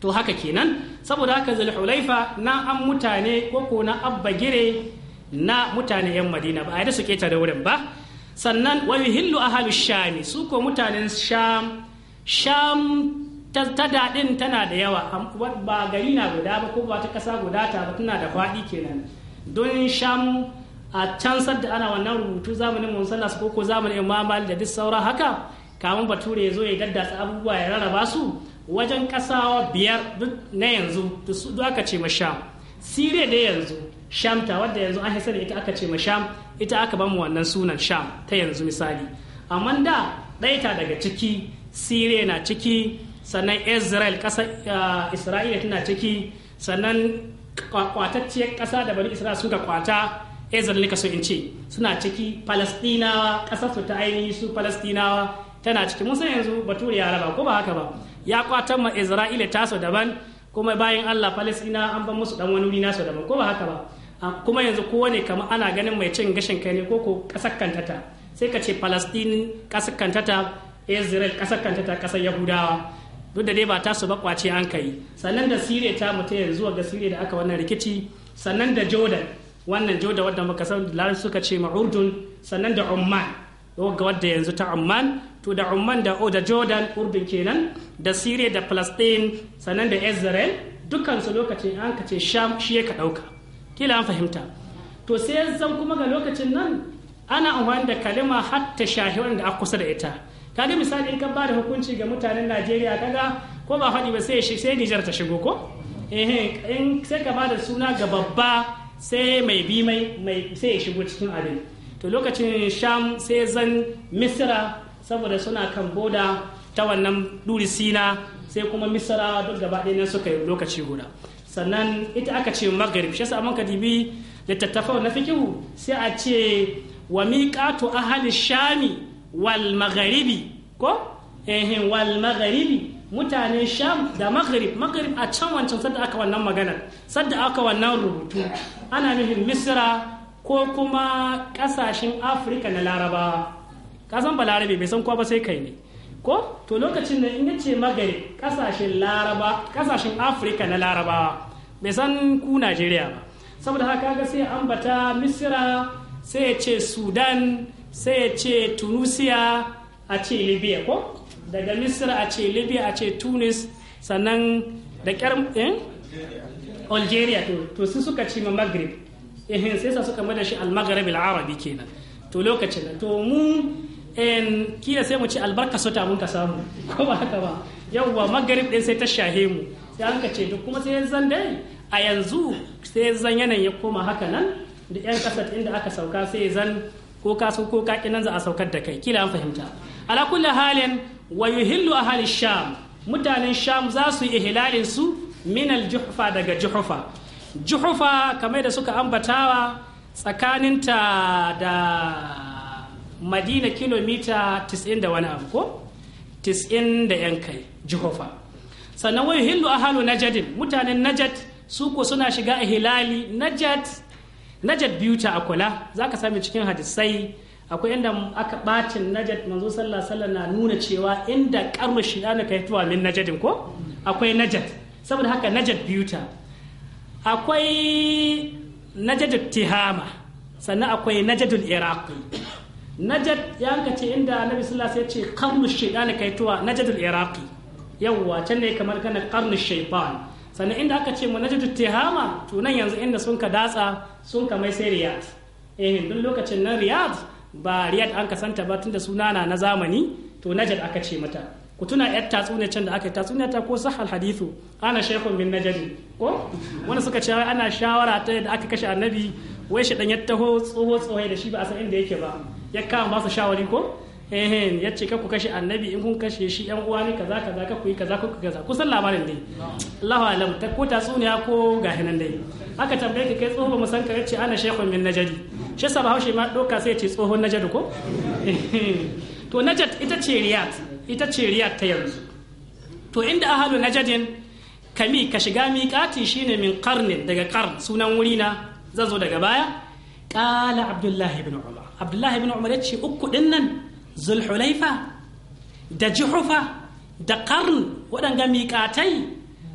to haka kenan saboda haka zul hulaifa na an mutane ko ko na abba gire na mutane yan madina ba a yadda su keta da wurin ba sannan wani hillu ahalu shami su ko mutanen sham sham ta daɗin tana da yawa ba gari na guda ba ko ba ta ƙasa guda ta ba tana da faɗi kenan don sham a can da ana wannan rubutu zamanin musallas ko ko zamanin imamal da duk sauran haka kamun bature ya zo ya daddatsa abubuwa ya rarraba su wajen ƙasa biyar na yanzu duk aka ce ma sham Sire da yanzu Sham ta wadda yanzu an haisar ita aka ce ma sham ita aka mu wannan sunan sham ta yanzu misali amma da ɗaita daga ciki siriya na ciki sannan israel ƙasar isra'ila tana ciki sannan kwatacciyar kasa da bari isra'ila suka kwata israel ka so in ce suna ciki palestinawa ƙasar su ta ainihi su palestinawa tana ciki mun san yanzu bature ya raba ko ba haka ba ya kwata ma isra'ila taso daban kuma bayan allah palestina an ban musu dan wani wuri nasu daban ko ba haka ba kuma yanzu kowa ne kamar ana ganin mai cin gashin kai ne ko ko kasar kantata sai ka ce palestine kasar kantata israel kasar kantata kasar yahudawa duk da dai ba ta su ba kwace an kai sannan da syria ta mutu yanzu ga siriya da aka wannan rikici sannan da jordan wannan jordan wadda muka san da suka ce ma urdun sannan da umman ga wadda yanzu ta umman to da umman da o oh, da Jordan Urdun kenan da Syria da Palestine sannan da Israel dukkan su lokacin an ce Sham shi ya ka dauka kila an fahimta to sai zan kuma ga lokacin nan ana amfani da kalima hatta shahi wanda aka kusa da ita ka ga misali in ka ba da hukunci ga mutanen Najeriya kaga ko ba faɗi ba sai sai Nijar ta shigo ko eh in sai ka ba da suna ga babba sai mai bi mai sai ya shigo cikin abin to lokacin Sham sai zan misira saboda suna kan boda ta wannan duri sina sai kuma misira duk gaba ɗaya suka yi lokaci guda sannan ita aka ce maghrib shi yasa ka dibi littattafan na fikihu sai a ce wa miqatu ahli shami wal magharibi ko ehin wal magharibi mutanen sham da maghrib maghrib a can wancan sadda aka wannan magana sadda aka wannan rubutu ana nufin misra ko kuma kasashen afirka na laraba ka san larabe bai san kowa ba sai kai ne ko to lokacin da in ce magari kasashen laraba kasashen afirka na larabawa bai san ku najeriya ba saboda haka ga sai ambata misira sai ya ce sudan sai ya ce tunisia a ce libya ko daga misira a ce libya a ce tunis sannan da kyar eh? algeria to su suka ci ma maghrib ehin sai sa suka mada shi al-maghrib al-arabi kenan to lokacin to mu in kila sai mu ci albarka sota mun ka samu ko ba haka ba yawwa magarib din sai ta shahe mu sai an ka ce duk kuma sai zan dai a yanzu sai zan yanayin ya koma haka nan da yan kasar inda aka sauka sai zan ko ka so ko ka nan za a saukar da kai kila an fahimta ala kulli halin wa yuhillu ahli sham mutanen sham za su yi ihlalin su min al juhfa daga juhfa juhfa kamar da suka ambatawa tsakaninta da madina kilomita 90 da wani abu ko 90 da yan kai jihofa sannan wai hillu ahalu najadin mutanen najad su ko suna shiga a hilali najad najad biyu ta akula za ka sami cikin hadisai akwai inda aka bacin najad manzo sallah sallah na nuna cewa inda shida na kai tuwa min najadin ko akwai najad saboda haka najad biyu ta akwai najadul tihama sannan akwai najadul iraqi najad ya ka ce inda annabi sallallahu alaihi wasallam ya ce qarnu shaytan kai tuwa najadul iraqi yawwa can ne kamar kana qarnu shaytan sannan inda aka ce mu najadul tihama to nan yanzu inda sun ka datsa sun ka mai sai riyad eh duk lokacin nan riyad ba riyad an kasanta ba tunda suna na na zamani to najad aka ce mata ku tuna yar tatsuniya can da aka yi tatsuniya ta ko sahal hadithu ana shaykhun min najadi ko wani suka ce ana shawara ta da aka kashe annabi wai shi dan ya taho tsoho tsoho da shi ba a san inda yake ba ya kama ba shawari ko eh ya ce ku kashe annabi in kun kashe shi yan uwa ne kaza kaza ka kuyi kaza kuka kaza kusan labarin dai Allahu alam ta ko tatsuniya ko ga nan dai aka tambaye ka kai tsoho mu san ce ana shekhu min najadi shi sa bahaushe ma doka sai ce tsohon najadi ko to najat ita ce riyat ita ce riyat ta yanzu to inda ahalu najadin kami ka shiga miƙati shine min qarnin daga qarn sunan wuri na zan daga baya qala abdullahi ibn umar abdullahi bin umar ya ce uku din nan zulhulaifa da juhufa da karn waɗanga miƙatai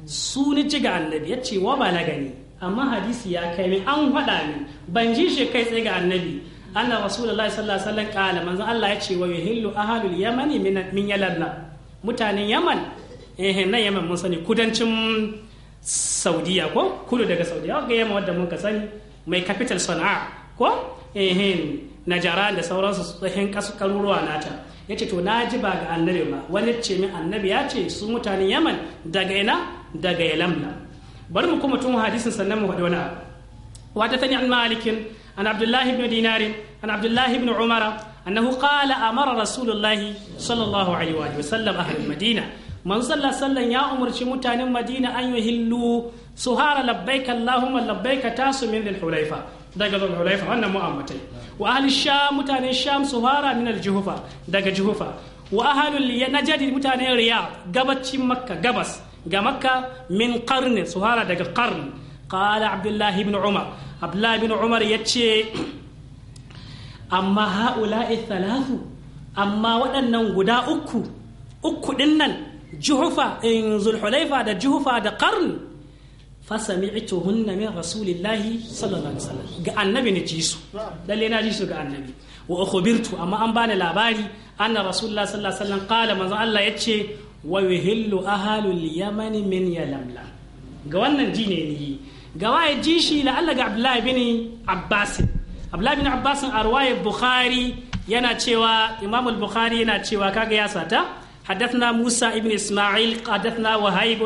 su ni ji ga annabi ya ce wa ba na gani amma hadisi ya kai min an faɗa min ban ji shi kai tsaye ga annabi anna rasulullahi sallallahu alaihi wasallam qala Allah ya ce wa yuhillu ahlul yamani min min yalanna mutanen yaman eh na yaman mun sani kudancin saudiya ko kudu daga saudiya ga yaman wanda mun ka sani mai capital sana'a ko eh najaran da sauransu su tsohon karuruwa nata ya ce to na ji ba ga annabi ba wani ce min annabi ya ce su mutanen yaman daga ina daga yalamna bari mu kuma tun hadisin sannan mu faɗi wani abu wata tani an malikin an abdullahi ibn dinarin an abdullahi ibn umara annahu qala amara rasulullahi sallallahu alaihi wa sallam ahlul madina man sallah sallan ya umarci mutanen madina an yuhillu su hara labbaika allahumma labbaika tasu min lil hulaifa daga zuwa hulaifa wannan mu'ammatai wa ahli sham mutanen sham su fara min aljuhufa daga juhufa wa ahlul najadi mutanen riyad gabacin makka gabas ga makka min qarni su fara daga qarn qala abdullahi ibn umar abdullahi ibn umar yace amma haula'i thalathu amma waɗannan guda uku uku dinnan juhufa in eh, zulhulaifa da juhufa da qarn fasami'tuhunna min rasulillahi sallallahu alaihi wasallam ga annabi ne ji su lalle na ji su ga annabi wa ukhbirtu amma an bani labari anna rasulullahi sallallahu alaihi wasallam qala manzo Allah yace wa yuhillu ahlul yamani min yalamla ga wannan ji ne ni ga waye ji shi la Allah ga Abdullahi bin Abbas Abdullahi bin Abbas a Bukhari yana cewa Imam al-Bukhari yana cewa kaga ya sata حدثنا موسى ابن اسماعيل حدثنا وهيب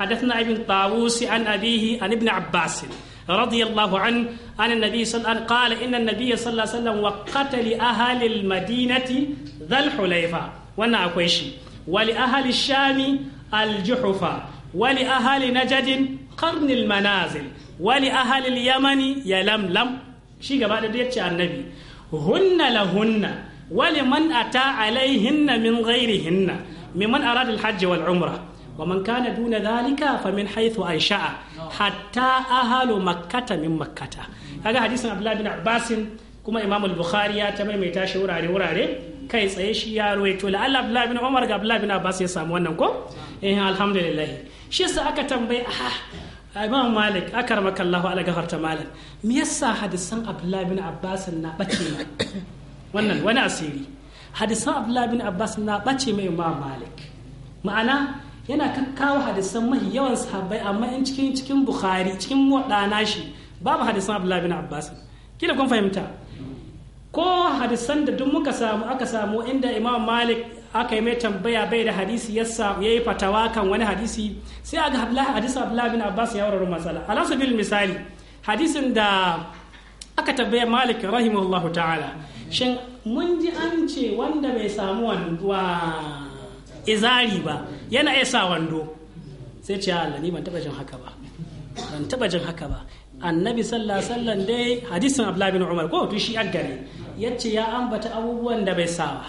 حدثنا ابن طاووس عن أبيه عن ابن عباس رضي الله عنه عن النبي صلى الله عليه وسلم قال إن النبي صلى الله عليه وسلم وقت لأهل المدينة ذا الحليفة وانا أكويشي ولأهل الشام الجحفة ولأهل نجد قرن المنازل ولأهل اليمن يلملم شي قبل ده النبي هن لهن ولمن أتى عليهن من غيرهن ممن أراد الحج والعمرة wa man kana duna zalika fa min haythu ansha'a hatta ahalu makkata min makkata kaga hadisin abdullahi bin abbasin kuma imam al-bukhari ya ta maimaita shi wurare wurare kai tsaye shi ya ruwaito la Allah abdullahi bin umar ga abdullahi bin abbas ya samu wannan ko eh alhamdulillah shi sa aka tambaye ah imam malik akar makallahu ala gafarta malam me yasa hadisan abdullahi bin abbas na bace wannan wani asiri hadisan abdullahi na bace mai malik ma'ana yana kawo hadisan mahi yawan sahabbai amma in cikin cikin bukhari cikin muwadana shi babu hadisan abdullahi bin abbas kila kun fahimta ko hadisan da duk muka samu aka samu inda imam malik aka yi mai tambaya bai da hadisi ya yi fatawa kan wani hadisi sai aga hadisin abdullahi bin abbas ya warware matsala alasu bil misali hadisin da aka tambaya malik rahimahullahu ta'ala shin mun ji an ce wanda bai samu wani izari ba yana iya sa wando sai ce Allah ni ban taba jin haka ba ban taba jin haka ba annabi sallallahu alaihi wasallam dai hadisin abdullahi bin umar ko to shi an yace ya ambata abubuwan da bai sa ba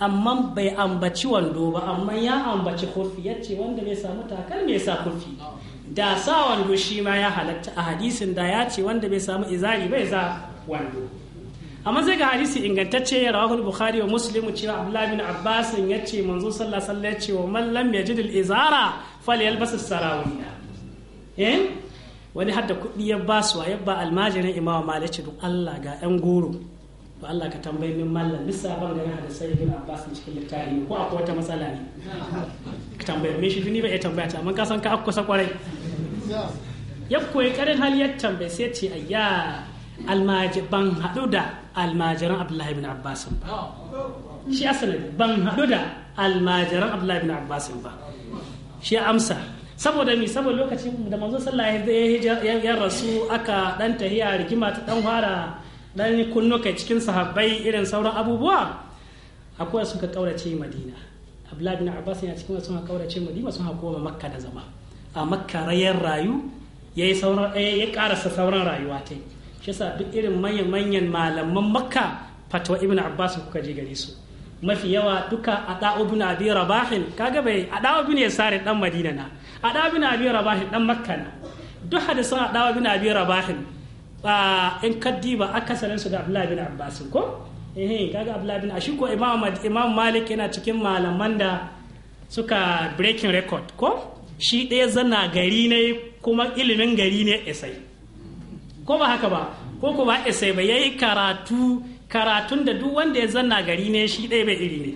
amma bai ambaci wando ba amma ya ambaci kurfi yace wanda bai samu takalmi ya sa kurfi da sa wando shi ma ya halatta a hadisin da ya ce wanda bai samu izari bai za wando a matsayin ga hadisi ingantacce ya rawahu bukhari wa muslim cewa abdullahi bin abbas ya ce manzo sallallahu alaihi ya ce wa man lam yajid al izara falyalbas as sarawiya eh wani hadda kudi ya ba su ya ba almajirin imamu malik ce don Allah ga yan goro to Allah ka tambayi min mallam bisa ban ganin sai bin abbas cikin littafi ko akwai wata matsala ne ka tambaye min shi duni ba ya tambaya ta amma ka san ka akkusa kwarai ya koyi karin hali ya tambaye sai ce ayya almaji ban haɗu da almajiran abdullahi bin abbas ba oh. shi asali ban haɗu da almajiran abdullahi bin abbas ba shi amsa saboda mi saboda lokacin da manzo sallah ya rasu aka dan tahiya rigima ta dan fara dan kunnuka cikin sahabbai irin sauran abubuwa akwai suka kaurace madina abdullahi bin abbas ya cikin sun kaurace madina sun koma makka da zama a makka rayar rayu yayi sauran ya karasa sauran rayuwa ta yi shi yasa duk irin manyan manyan malaman makka fatwa ibn abbas kuka je gare su mafi yawa duka a da'u bin abi rabahin kaga bai a da'u bin yasari dan madina na a da'u bin abi rabahin dan makka na duk hadisin a da'u bin abi rabahin in kaddiba akasarin su da abdullahi bin abbas ko eh kaga abdullahi bin ashi ko imam imam malik yana cikin malaman da suka breaking record ko shi ɗaya zana gari ne kuma ilimin gari ne isai ko ba haka ba ko ko ba ba yayi karatu karatun da duk wanda ya zanna gari ne shi ɗaya bai iri ne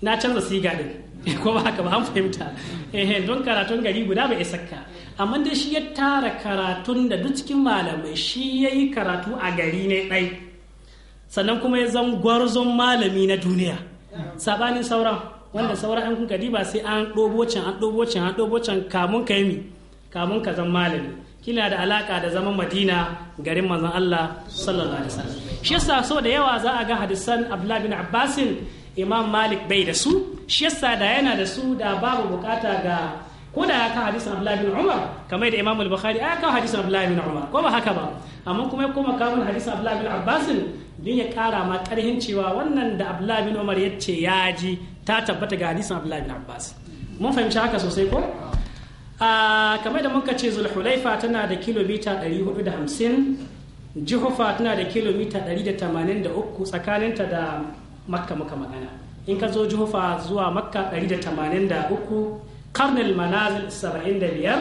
na canza siga din ko ba haka ba an fahimta ehe don karatun gari guda bai isa ka amma dai shi ya tara karatun da duk cikin malamai shi yayi karatu a gari ne ɗai sannan kuma ya zan gwarzon malami na duniya sabanin sauran wanda sauran an kuka diba sai an ɗobocin, an ɗobocin, an ɗobocin kamun ka yi kamun ka zan malami Kina da alaka da zaman madina garin manzon Allah sallallahu alaihi wasallam shi yasa so da yawa za a ga hadisan Abdullah bin Abbasin Imam Malik bai da su shi yasa da yana da su da babu bukata ga ko da ya kawo Abdullah bin Umar kamar da Imam al-Bukhari ya kawo hadisan Abdullah bin Umar ko ba haka ba amma kuma kuma kamun kawo hadisin Abdullah bin Abbas din ya kara ma karhin cewa wannan da Abdullah bin Umar ya ce ya ji ta tabbata ga hadisan Abdullah bin Abbas mun fahimci haka sosai ko a kamar da muka ce zulhulaifa tana da kilomita 450 jihofa tana da kilomita 183 tsakaninta da makka muka magana in ka zo jihofa zuwa makka 183 karnal manazil 75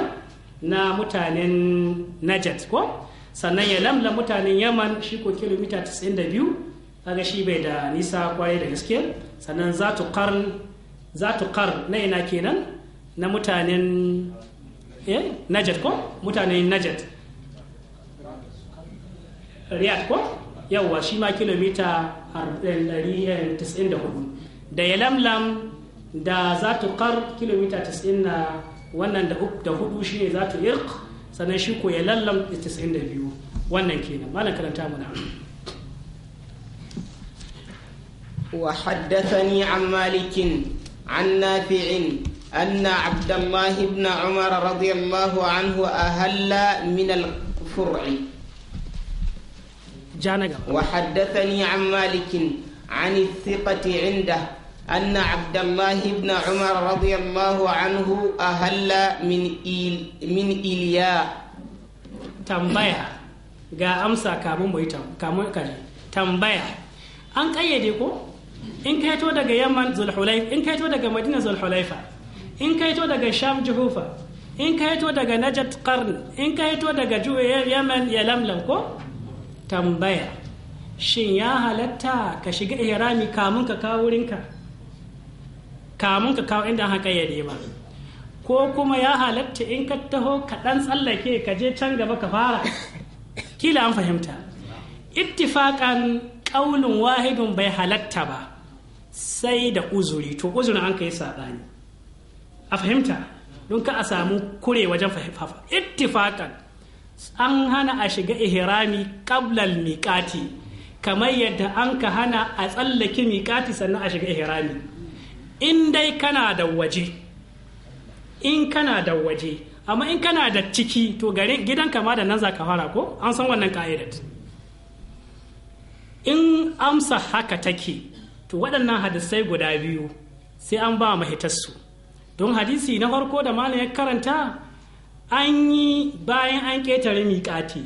na mutanen najat ko sannan ya lamla mutanen yaman shi ko kilomita 92 kaga shi bai da nisa kwaye da gaske sannan za tu karn na ina kenan na mutanen Eh? najat ko mutane najat riyadh ko yawwa shi ma kilomita 94 eh, da yalamlam da zatu kar kilomita 90 wannan da da hudu shine zatu irk sannan shi ko yalallam 92 wannan kenan malam karanta mu na وحدثني عن مالك عن نافع أن عبد الله بن عمر رضي الله عنه أهل من الفرع وحدثني عن مالك عن الثقة عنده أن عبد الله بن عمر رضي الله عنه أهل من إيل من إيليا تنبيه ga amsa كامو mu kamun kaje tambaya an kayyade ko in يمن daga yamman zulhulaifa in kaito daga madina zulhulaifa in ka hito daga sham juhufa in ka hito daga najat qarn in ka hito daga yaman ya lamlam ko tambaya shin ya halatta ka shiga ihrami kamun ka kawo rinka kamun ka kawo inda haka ya ba ko kuma ya halatta in ka taho kaɗan tsallake ka je can gaba ka fara kila an fahimta ittifakan ƙaunin wahidun bai halatta ba sai da uzuri to uzuri an kai saɗani. a fahimta don ka a samu kure wajen fahimta ittifaqan an hana a shiga ihrami qablal miqati kamar yadda an ka hana a tsallake miqati sannan a shiga ihrami in dai kana da waje in kana da waje amma in kana da ciki to gare gidan ma da nan za ka fara ko an san wannan ka'idat in amsa haka take to waɗannan hadisai guda biyu sai an ba mahitarsu don hadisi na farko da malam ya karanta an yi bayan an ƙetare miƙati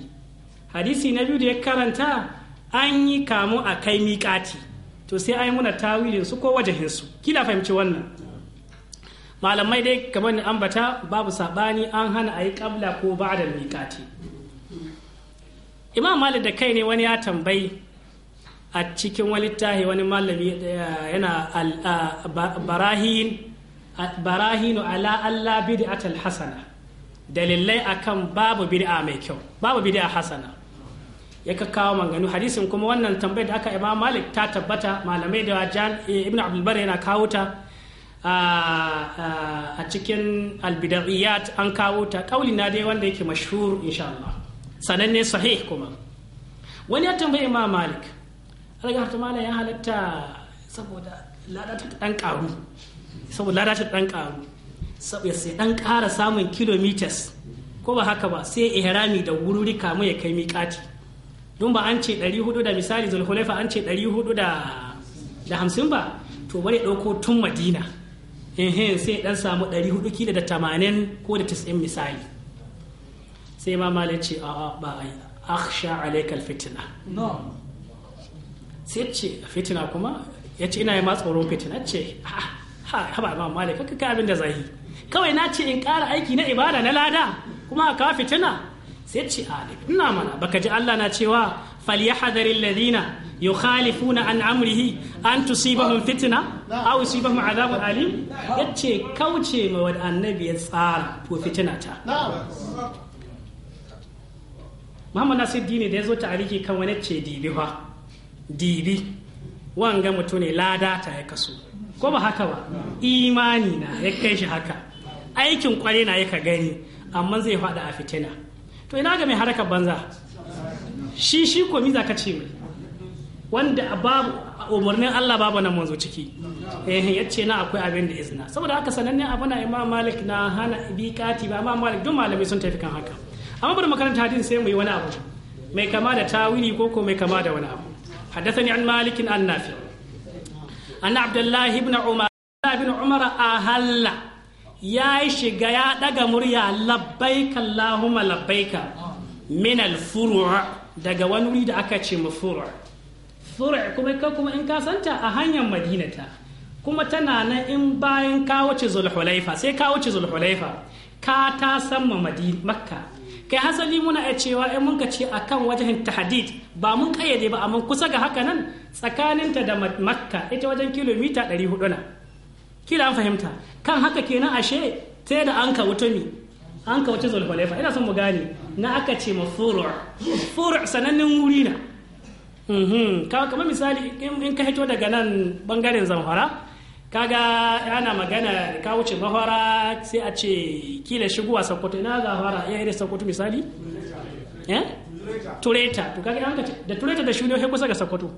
hadisi na biyu da ya karanta an yi kamu a kai miƙati to sai yi muna tawilin su ko wajahin su kila fahimci wannan malamai dai kamar ni ambata babu saɓani an hana a yi ƙabla ko ba da miƙati imam malik da kai ne wani ya tambayi a cikin wani littafi wani malami eh, yana ah, barahin barahinu ala Allah bid'atul hasana dalilai akan babu bid'a mai kyau babu bid'a hasana ya kawo manganu hadisin kuma wannan tambayar da aka ima malik ta tabbata malamai da jan eh, ibn abdulbar yana kawo ta a cikin Albidariyat an kawo ta kauli na dai wanda yake mashhur insha Allah sananne sahih kuma wani ya tambayi ima malik alga hatu ya halatta saboda ladata dan karu saboda lada ta dan karu saboda sai dan kara samun kilometers ko ba haka ba sai ihrami da wururi kamu ya kai miƙati don ba an ce 400 da misali zulhulaifa an ce 400 da da hamsin ba to bari dauko tun madina ehe sai dan samu 400 kila da 80 ko da 90 misali sai ma malai ce a ba akhsha alaikal fitina sai ce fitina kuma ya ce ina yi ma tsoron fitina ce a'a haba ma malik kaka abin da kawai na ce in ƙara aiki na ibada na lada kuma a fitina sai ce a ah, ina mana baka ji Allah na cewa falyahdharil ladina yukhalifuna an amrihi an tusibahum fitna aw yusibahum adhabun alim yace kauce ma wad annabi ya tsara to fitina ta Muhammad Nasiruddin da zo tariki kan wani ce dibi fa dibi wanga mutu lada ta ya kaso ko ba haka ba imani na ya kai shi haka aikin kware na ka gani amma zai faɗa a fitina to ina ga mai harakar banza shi shi ko mi zaka ce mai wanda babu umarnin Allah babu nan manzo ciki eh yace na akwai abin da izna saboda haka sanannen abu na Imam Malik na hana kati ba Imam Malik duk malamai sun tafi kan haka amma bari makaranta hadin sai mu yi wani abu mai kama da tawili ko ko mai kama da wani abu حدثني عن مالك عن نافع anna abdullahi ibn umar ibn umar ahalla ya shiga ya daga murya labbaika allahumma labbaika min al daga wani wuri da aka ce mu furu' furu' kuma ka kuma in ka santa a hanyar madinata kuma tana nan in bayan ka wuce zulhulaifa sai ka wuce zulhulaifa ka ta san makka kai hasali muna iya cewa in mun ce kan wajen tahdid ba mun kayyade ba amma kusa ga haka nan tsakaninta da makka ita wajen kilomita 400 na kila an fahimta kan haka kenan ashe sai da an ka ne an ka ina son mu gane na aka ce ma furu' furu' sanannen wuri na mhm. kamar misali in ka hito daga nan bangaren zamfara kaga ana magana ka wuce mahwara sai a ce kila shigowa sokoto ina za fara iya da sokoto misali eh? tureta to kaga an da tureta da shuni ya kusa ga sokoto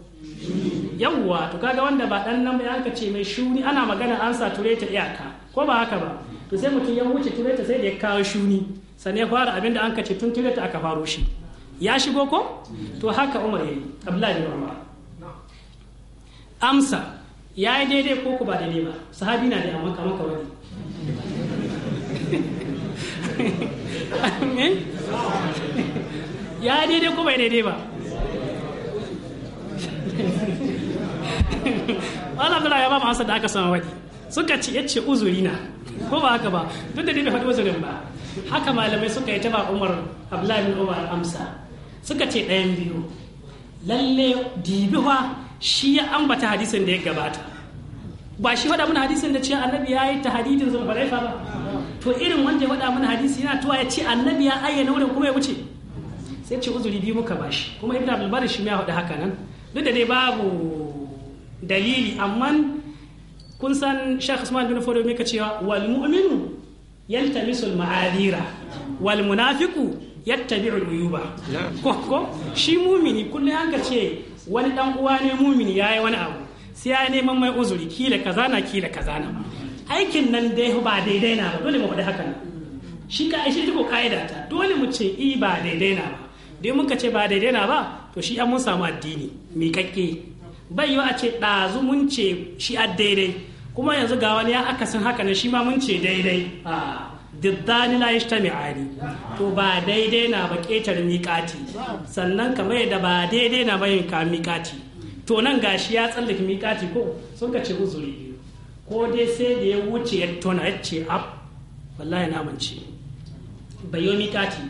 yawwa to kaga wanda ba dan nan ba ya kace mai shuni ana magana an sa tureta iyaka ko ba haka ba to sai mutum ya wuce tureta sai da ya kawo shuni sannan ya fara abinda an kace tun tureta aka faro shi ya shigo ko to haka umar yayi abdullahi umar amsa ya yi daidai ko ku ba daidai ba sahabi na da amma kama kawai ya yi daidai ko bai daidai ba wala Allah ya ba mu da aka sama wadi suka ce uzuri na ko ba haka ba duk da dai faɗi uzurin ba haka malamai suka yi ta ba Umar Abdullahi bin Umar amsa suka ce ɗayan biyu lalle dibi fa shi ya ambata hadisin da ya gabata ba shi faɗa mana hadisin da ce annabi ya yi ta hadidin zulhulaifa ba to irin wanda ya faɗa mana hadisi yana tuwa ya ce annabi ya ayyana wurin kuma ya wuce sai ce uzuri biyu muka bashi kuma ibn abdul bari shi ya faɗi haka nan duk da dai babu dalili amma kun san shekh usman bin fodo mika cewa wal mu'minu yaltamisul ma'adira wal munafiqu yattabi'ul uyuba ko shi mumini kullum an ka ce wani dan uwa ne mumini yi wani abu sai ya neman mai uzuri kila kaza na kila kaza na aikin nan dai ba daidai na ba dole mu faɗi haka shi ka aishi ko ka'ida ta dole mu ce i ba daidai na ba dai muka ce ba daidai na ba to shi an mun samu addini kakke bai yiwa a ce ɗazu mun ce shi a daidai kuma yanzu ga wani ya akasin haka ne shi ma mun ce daidai ah. diddani mai ari. to ba daidai na ba ƙetare miƙati sannan kamar yadda ba daidai na ba ka miƙati to nan gashi ya tsallake miƙati ko sun ka ce uzuri ko dai sai da ya wuce ya tona ya ce ab wallahi na mance bai yi miƙati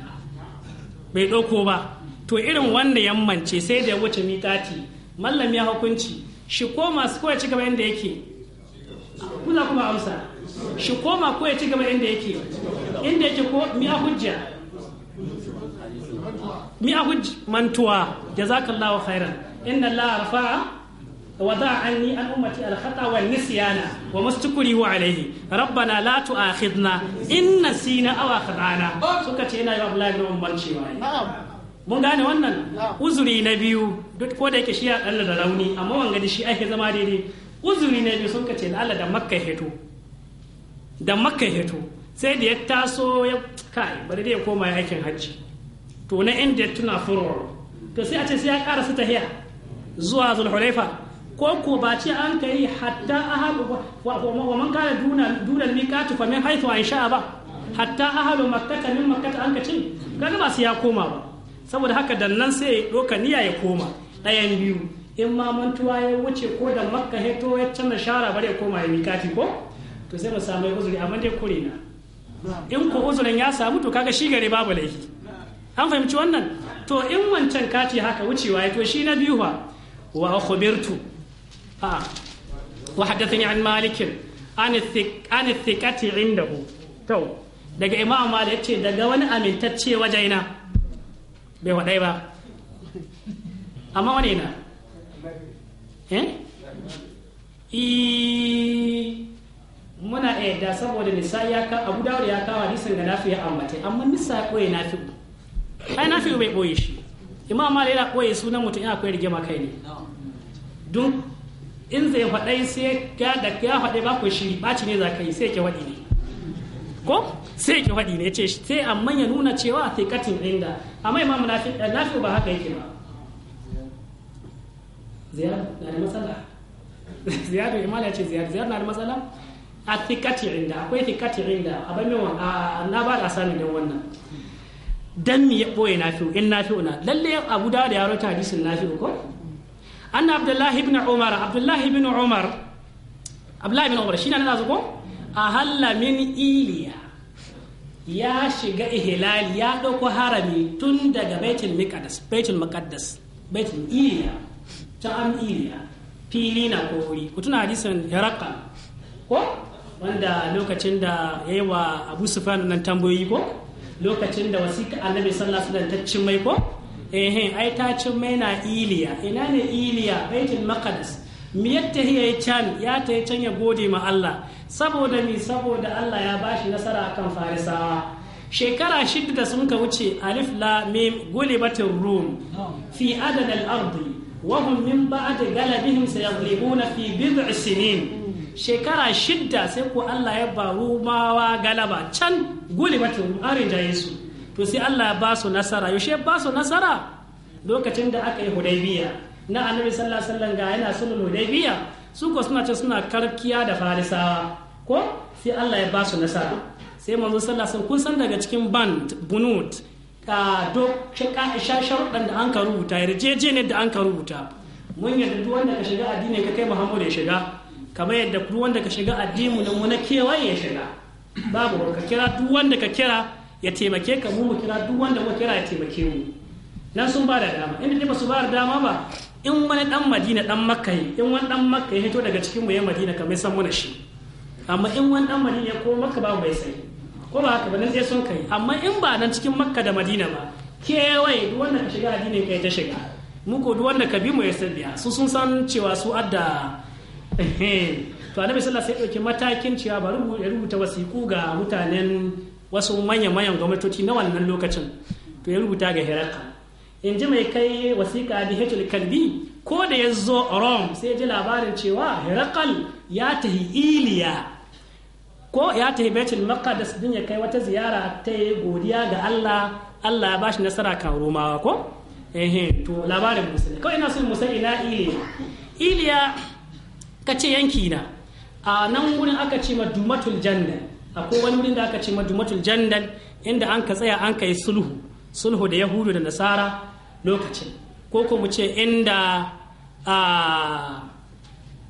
bai ɗauko ba to irin wanda ya mance sai da ya wuce miƙati mallam ya hukunci shi ko masu kowace ci gaba yadda yake kula kuma amsa shi koma ko ya ci gaba inda yake inda yake ko mi a hujja a hujj mantuwa jazakallahu khairan inna allaha rafa'a wada anni an ummati al khata wal nisyana wa mastukuri wa alayhi rabbana la tu'akhidna in nasina aw akhadana suka ce ina yi wallahi da mun barce mun gane wannan uzuri na biyu duk ko da yake shi ya da rauni amma wanga da shi ake zama daidai uzuri na biyu sun ce da Allah da makka da makka heto sai da ya taso ya kai bari da ya koma aikin hajji to na inda ya tuna furor to sai a ce sai ya su tahiya zuwa zulhulaifa ko ko ba ce an kai hatta ahalu wa man kana duna duna miqati fa min haythu an sha'a ba hatta ahalu makkata min makkata an ka ce ba sai ya koma ba saboda haka dan nan sai ya doka niyya ya koma ɗayan biyu in ma mantuwa ya wuce ko da makka heto ya canza shara bare koma ya miƙati ko to sai ba samu uzuri amma dai kure na in ko uzurin ya samu to kaga shi gare babu laifi an fahimci wannan to in wancan kati haka wucewa ya to shi na biyu wa wa akhbirtu a wa hadathani an malik an an thiqati indahu to daga imam malik yace daga wani amintacce wajaina bai wadai ba amma wani na eh muna ɗaya yadda saboda nisa ya ka abu da ya kawo hadisin da nafi ya ambace amma nisa ya ɓoye nafi ai nafi bai ɓoye shi imam malik yana ɓoye sunan mutum yana koyar rigima kai ne don in zai faɗai sai ya da ya faɗai ba ku shi ɓaci ne za ka yi sai ke faɗi ne ko sai ke faɗi ne ce sai amma ya nuna cewa sai katin inda amma imam nafi eh, nafi ba haka yake ba ziyar na da matsala ziyar da imam ya ce ziyar ziyar na da matsala a tikati inda akwai tikati inda abin min na ba da sanin dan wannan dan mi ya boye nafi'u in nafi'u na lalle abu da ya na hadisin nafi'u ko anna abdullahi ibn umar abdullahi ibn umar abdullahi ibn umar shi na nazo ko a min iliya ya shiga ihlali ya dauko harami tun daga baitul miqaddas baitul miqaddas baitul iliya ta am iliya fili na kori ku tuna hadisin hiraqa ko wanda lokacin da ya yi wa abu sufyan nan tambayoyi ko lokacin da wasika annabi sallallahu alaihi wasallam ta cin mai ko eh ai ta cin mai na iliya ina ne iliya baitul maqdis mi yatta hiya can ya ta yi can ya gode ma Allah saboda mi saboda Allah ya bashi nasara akan farisawa shekara shida da sun ka wuce alif la mim gulibatir rum fi adana al-ardi wa hum min ba'di galabihim sayaglibuna fi bid'i sinin shekara shidda sai ko Allah ya ba rumawa galaba can guli mata arin jaye yesu. to sai Allah ya ba su nasara yaushe ba su nasara lokacin da aka yi hudaybiya na annabi sallallahu alaihi wasallam ga yana sulhul hudaybiya su ko suna ce suna karkiya da farisawa ko sai Allah ya ba su nasara sai manzo sallallahu alaihi kun san daga cikin band bunut ka dok sharuɗan da an ka rubuta yarjejeniyar da an ka rubuta mun yarda duk wanda ka shiga addini ka kai Muhammadu ya shiga kamar yadda duk wanda ka shiga addini nan wani kewaye ya shiga babu ka kira duk wanda ka kira ya taimake ka mu kira duk wanda mu kira ya taimake mu nan sun ba da dama inda ne ba su ba da dama ba in wani dan madina dan makka in wani dan makka ya hito daga cikin mu ya madina kamar san mu na shi amma in wani dan madina ya koma makka ba mai sai ko ba haka ba nan sai sun kai amma in ba nan cikin makka da madina ba kewaye duk wanda ka shiga addinin ka ya ta shiga mu ko duk wanda ka bi mu ya san biya su sun san cewa su adda Eh, to annabi sallallahu alaihi wasallam matakin cewa bari mu rubuta wasiku ga mutanen wasu manya manyan gwamnatoci na wannan lokacin to ya rubuta ga hirarka in ji mai kai wasiƙa hajjul kalbi ko da ya zo Rome sai ji labarin cewa Herakal ya tahi Iliya ko ya tahi Baitul Maqdis din ya kai wata ziyara ta godiya ga Allah Allah ya bashi nasara kan Romawa ko eh to labarin musulmi kawai ina son Musa ina Iliya Iliya ka ce yanki na a nan wurin aka ce madumatul jannan a wani wurin da aka ce madumatul jandan inda an ka tsaya an ka yi sulhu sulhu da yahudu da nasara lokacin ko ko mu ce inda a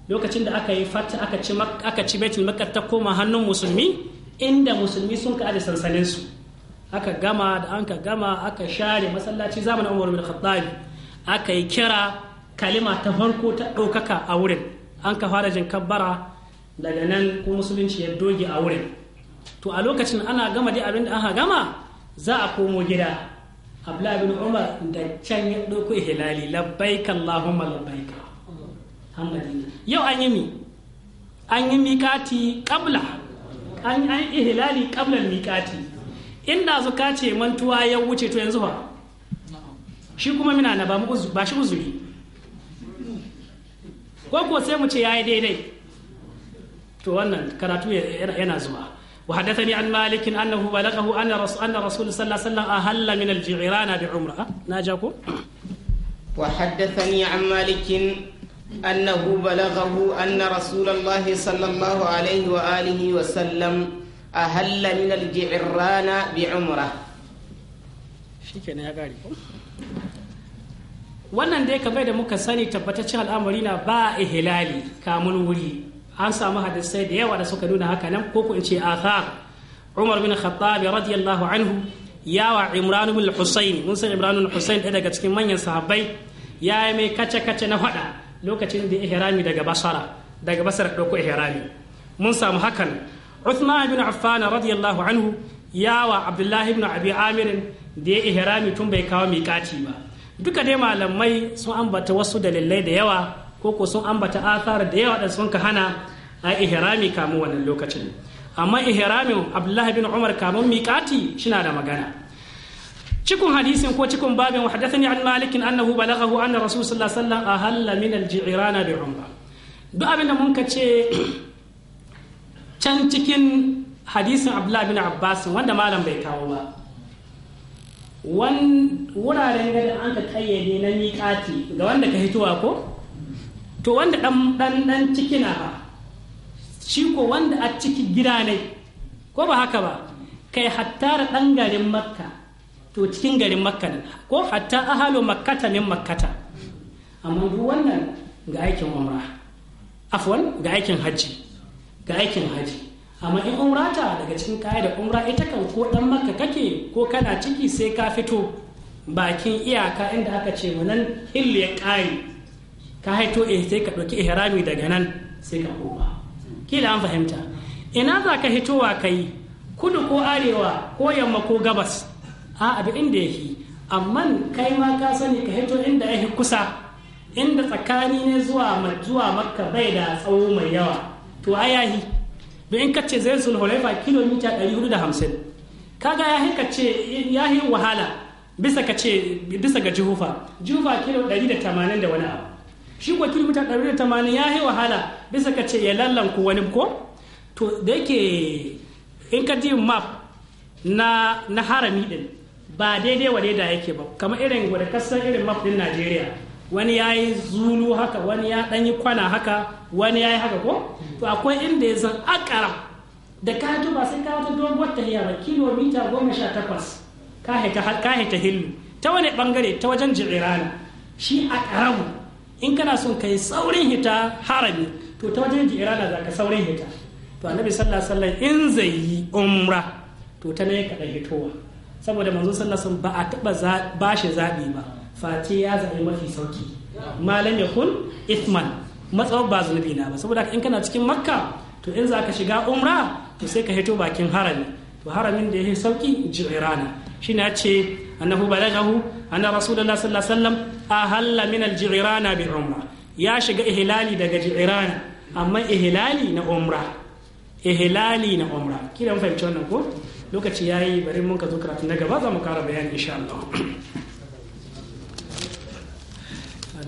lokacin da aka yi fata aka ci aka ci ta koma hannun musulmi inda musulmi sun ka da sansanin su aka gama da an ka gama aka share masallaci zamanin Umar bin khattabi aka yi kira kalima ta farko ta ɗaukaka a wurin an ka fara jin kabbara daga nan ko musulunci ya doge a wurin to a lokacin ana gama dai abin da aka gama za a komo gida abla bin umar da can ya doko hilali labbaika allahumma labbaika yau an yi mi an yi miƙati qabla an yi hilali ƙablar miƙati inda zuka ce mantuwa ya wuce to yanzu ba shi kuma mina na ba shi uzuri ko ko sai mu ce yayi daidai to wannan karatu yana zuma wa hadathani an malik annahu balaghahu anna rasul anna bi umra ah, na ja ko wa hadathani an malik annahu balaghahu anna rasul bi umra wannan dai kamar da muka sani tabbataccen al'amari na ba ihlali kamun wuri an samu hadisai da yawa da suka nuna haka nan ko in ce athar Umar bin Khattab radiyallahu anhu yawa Imran bin Husayn mun san Imran bin Husayn ɗaya daga cikin manyan sahabbai ya yi mai kace kace na faɗa lokacin da ihrami daga basara daga Basra ɗauko ihrami mun samu hakan Uthman bin Affan radiyallahu anhu yawa Abdullahi bin Abi Amir da ya ihrami tun bai kawo miƙaci ba duka dai malamai sun ambata wasu dalilai da yawa ko ko sun ambata athar da yawa da sun ka hana a ihrami kamun wannan lokacin amma ihramin abdullahi bin umar kamun miƙati shina da magana cikin hadisin ko cikin babin wa hadathani an malikin annahu balaghahu anna rasul sallallahu alaihi wasallam ahalla min al-ji'rana bi umra duk abinda mun ka ce can cikin hadisin abdullahi bin abbas wanda malam bai kawo ba wuraren gada an ka kayyade na miƙati ga wanda ka hitowa ko to wanda ɗan ciki na ba shi ko wanda a ciki gida ne ko ba haka ba kai hatta da ɗan garin makka to cikin garin makka ne ko hatta ahalo makkata min makkata amma duk wannan ga aikin umra afwan ga aikin hajji ga aikin hajji amma in umra ta daga cikin kaya da umra ita kan ko dan maka kake ko kana ciki sai ka fito bakin iyaka inda aka ce mu nan hillu ya ka haito eh sai ka ɗauki ihrami daga nan sai ka koma kila an fahimta ina za ka hitowa ka kudu ko arewa ko yamma ko gabas a abu inda yake amma kai ma ka sani ka hito inda yake kusa inda tsakani ne zuwa zuwa makka bai da tsawo mai yawa to ayahi bai in kace zai sul hulaifa kilomita 450 kaga ya hin kace ya hin wahala bisa kace bisa ga jihufa jihufa kilo 180 da wani abu shi ko kilomita 180 ya hin wahala bisa kace ya lallan lallanku wani ko to da yake in ka ji map na na harami din ba daidai wa da yake ba kamar irin gwada kasan irin map din Najeriya wani ya yi zulu haka wani ya yi kwana haka wani ya yi haka ko to akwai inda ya zan akara da ka ba sai ka wata doguwar tahiya ba kilomita goma sha takwas ka haita hillu ta wani bangare ta wajen jirana shi a karamu in kana son ka yi saurin hita harami to ta wajen jirana za ka saurin hita to annabi sallallahu alaihi in zai yi umra to ta ne ka hitowa saboda manzo sallallahu alaihi ba a taba bashi shi zabi ba face ya zaɓi mafi sauki malam ya kun ithman matsawar ba zunubi na ba saboda in kana cikin makka to in za ka shiga umra to sai ka hito bakin harami to haramin da ya yi sauki jirana shi ne ce annahu balagahu anna rasulullah sallallahu alaihi wasallam ahalla min aljirana bi umra ya shiga ihlali daga jirana amma ihlali na umra ihlali na umra kila fahimci wannan ko lokaci yayi bari mun ka zo karatu na gaba za mu kara bayani insha Allah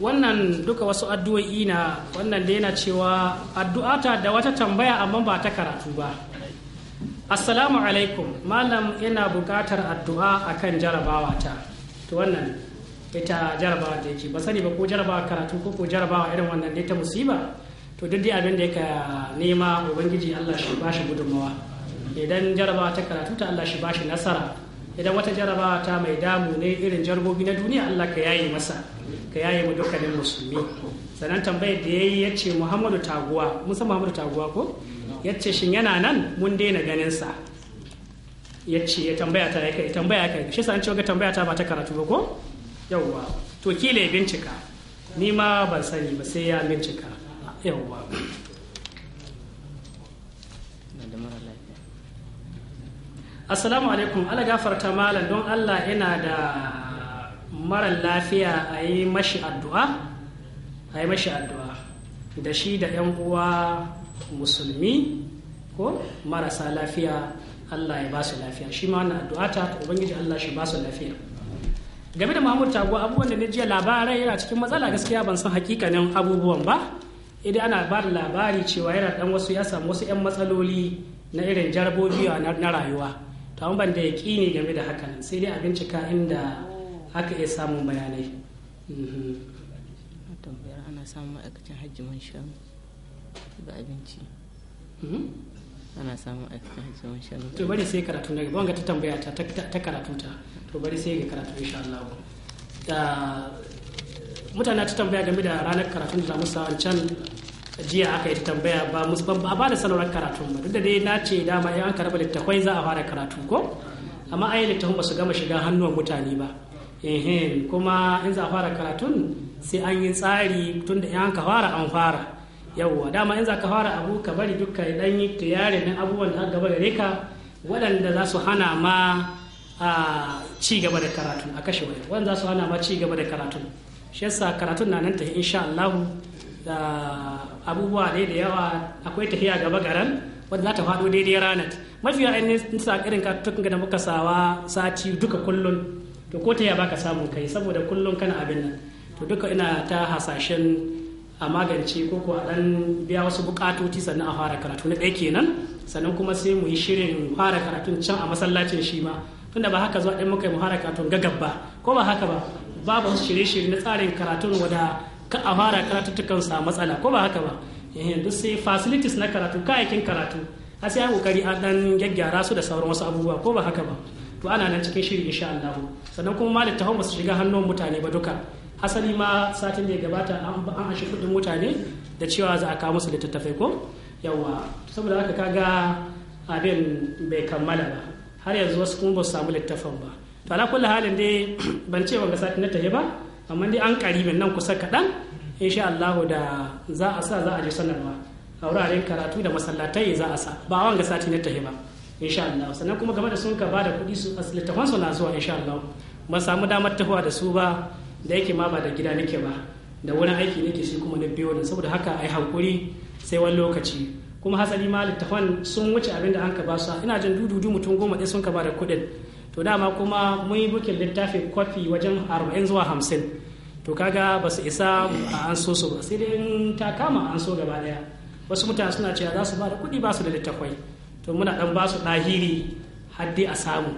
wannan duka wasu addu'o'i na wannan da yana cewa ta da wata tambaya amma ba ta karatu ba assalamu alaikum malam yana buƙatar addu'a akan jarabawa ta to wannan ita jarabawa da yake ba sani ba ko jarabawa karatu ko ko jarabawa irin wannan da ta musiba to duk dai abin da yake nema ubangiji Allah shi bashi gudunmawa idan jarabawa ta karatu ta Allah shi bashi nasara idan wata jarabawa ta mai damu ne irin jarabobi na duniya Allah ka yaye masa ka yaye mu dukkanin musulmi sannan tambayar da yayi ya ce muhammadu taguwa mun san muhammadu taguwa ko ya ce shin yana nan mun daina ganin sa ya ce ya tambaya ta ya kai tambaya kai shi san cewa tambaya ta ba ta karatu ba ko yawwa to kila ya bincika ni ma ban sani ba sai ya bincika yawwa assalamu alaikum ala gafarta malam don allah ina da mara lafiya a yi mashi addu'a a yi mashi addu'a da shi da 'yan uwa musulmi ko marasa lafiya allah ya ba su lafiya shi ma wannan addu'a ta ubangiji allah shi ba su lafiya game da mahmud tagu abubuwan da na jiya labarai yana cikin matsala gaskiya ban san hakikanin abubuwan ba idan ana ba da labari cewa yana dan wasu ya samu wasu yan matsaloli na irin jarabobi na rayuwa to ban da ne game da hakan sai dai a bincika inda aka iya samun bayanai mm-hmm. tambayar ana samun ma'aikacin hajji man shanu da abinci mm-hmm. ana samun ma'aikacin hajji man shanu to bari sai karatu na gaba wanga ta tambaya ta ta karatu ta to bari sai ga karatu insha Allah mutane ta tambaya game da ranar karatun da musa sa can jiya aka yi ta tambaya ba ba ba da sanarwar karatun ba duk da dai na ce dama in an karɓa littafai za a fara karatu ko amma ayi littafin ba su gama shiga hannuwan mutane ba kuma in za a fara karatun sai an yi tsari tun da an ka fara an fara yauwa dama in za ka fara abu ka bari duka dan yi yare na abubuwan da gaba gare ka waɗanda za su hana ma a ci gaba da karatu a kashe wani waɗanda za su hana ma ci gaba da karatu shi yasa karatun na nan tafi insha Allah da abubuwa dai da yawa akwai tafiya gaba garan wanda za ta faɗo daidai ranar mafiya ainihin sa irin karatukan da muka sawa sati duka kullum to ko ta ya baka samun kai saboda kullum kana abin nan to duka ina ta hasashen a magance ko ko dan biya wasu bukatoci sannan a fara karatu na ɗaya kenan sannan kuma sai mu yi shirin fara karatun can a masallacin shi ma tunda ba haka zuwa ɗin muka yi mu fara karatun gagabba ko ba haka ba babu wasu shirye-shirye na tsarin karatun wada ka a fara karatuttukan sa matsala ko ba haka ba duk sai facilities na karatu kayayyakin karatu a sai kokari a dan gyaggyara su da sauran wasu abubuwa ko ba haka ba to ana nan cikin shiri insha Allah sannan kuma ma tahon basu su shiga hannun mutane ba duka hasali ma satin da ya gabata an shi kudin mutane da cewa za a kawo musu littattafai ko yawa saboda haka kaga abin bai kammala ba har yanzu wasu kuma ba su samu littafan ba to ala kullu halin dai ban ce ga satin na tafi ba amma dai an karibin nan kusa kaɗan insha Allah da za a sa za a je sanarwa a wuraren karatu da masallatai za a sa ba wanga sati na tahe ba insha sannan kuma game da sun ka bada kuɗi su littafan su na zuwa insha Allah ban samu damar tafiya da su ba da yake ma ba da gida nake ba da wurin aiki nake shi kuma na biyo din saboda haka ai hankuri sai wani lokaci kuma hasali ma littafan sun wuce abin da an ka ba su ina jin dududu mutum goma ɗaya sun ka bada kuɗin to dama kuma mun yi bukin littafin kwafi wajen arba'in zuwa hamsin to kaga ba su isa a an so su ba sai dai ta kama an so gaba ɗaya wasu mutane suna cewa za su ba da kuɗi ba su da littafai to muna dan ba su ɗahiri har dai a samu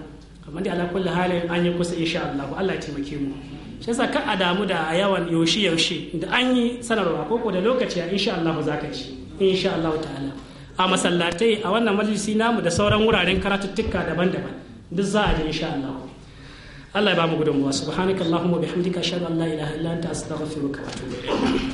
kamar dai ala kulli halin an yi kusa insha Allah Allah ya taimake mu shi yasa ka adamu da a yawan yoshi yaushe da an yi sanarwa ko ko da lokaci a insha Allah zaka ci insha Allah ta'ala a masallatai a wannan majalisi namu da sauran wuraren karatuttuka daban-daban duk za a ji insha Allah Allah ya ba mu gudunmuwa subhanakallahumma bihamdika ashhadu an la ilaha illa anta astaghfiruka wa atubu ilayk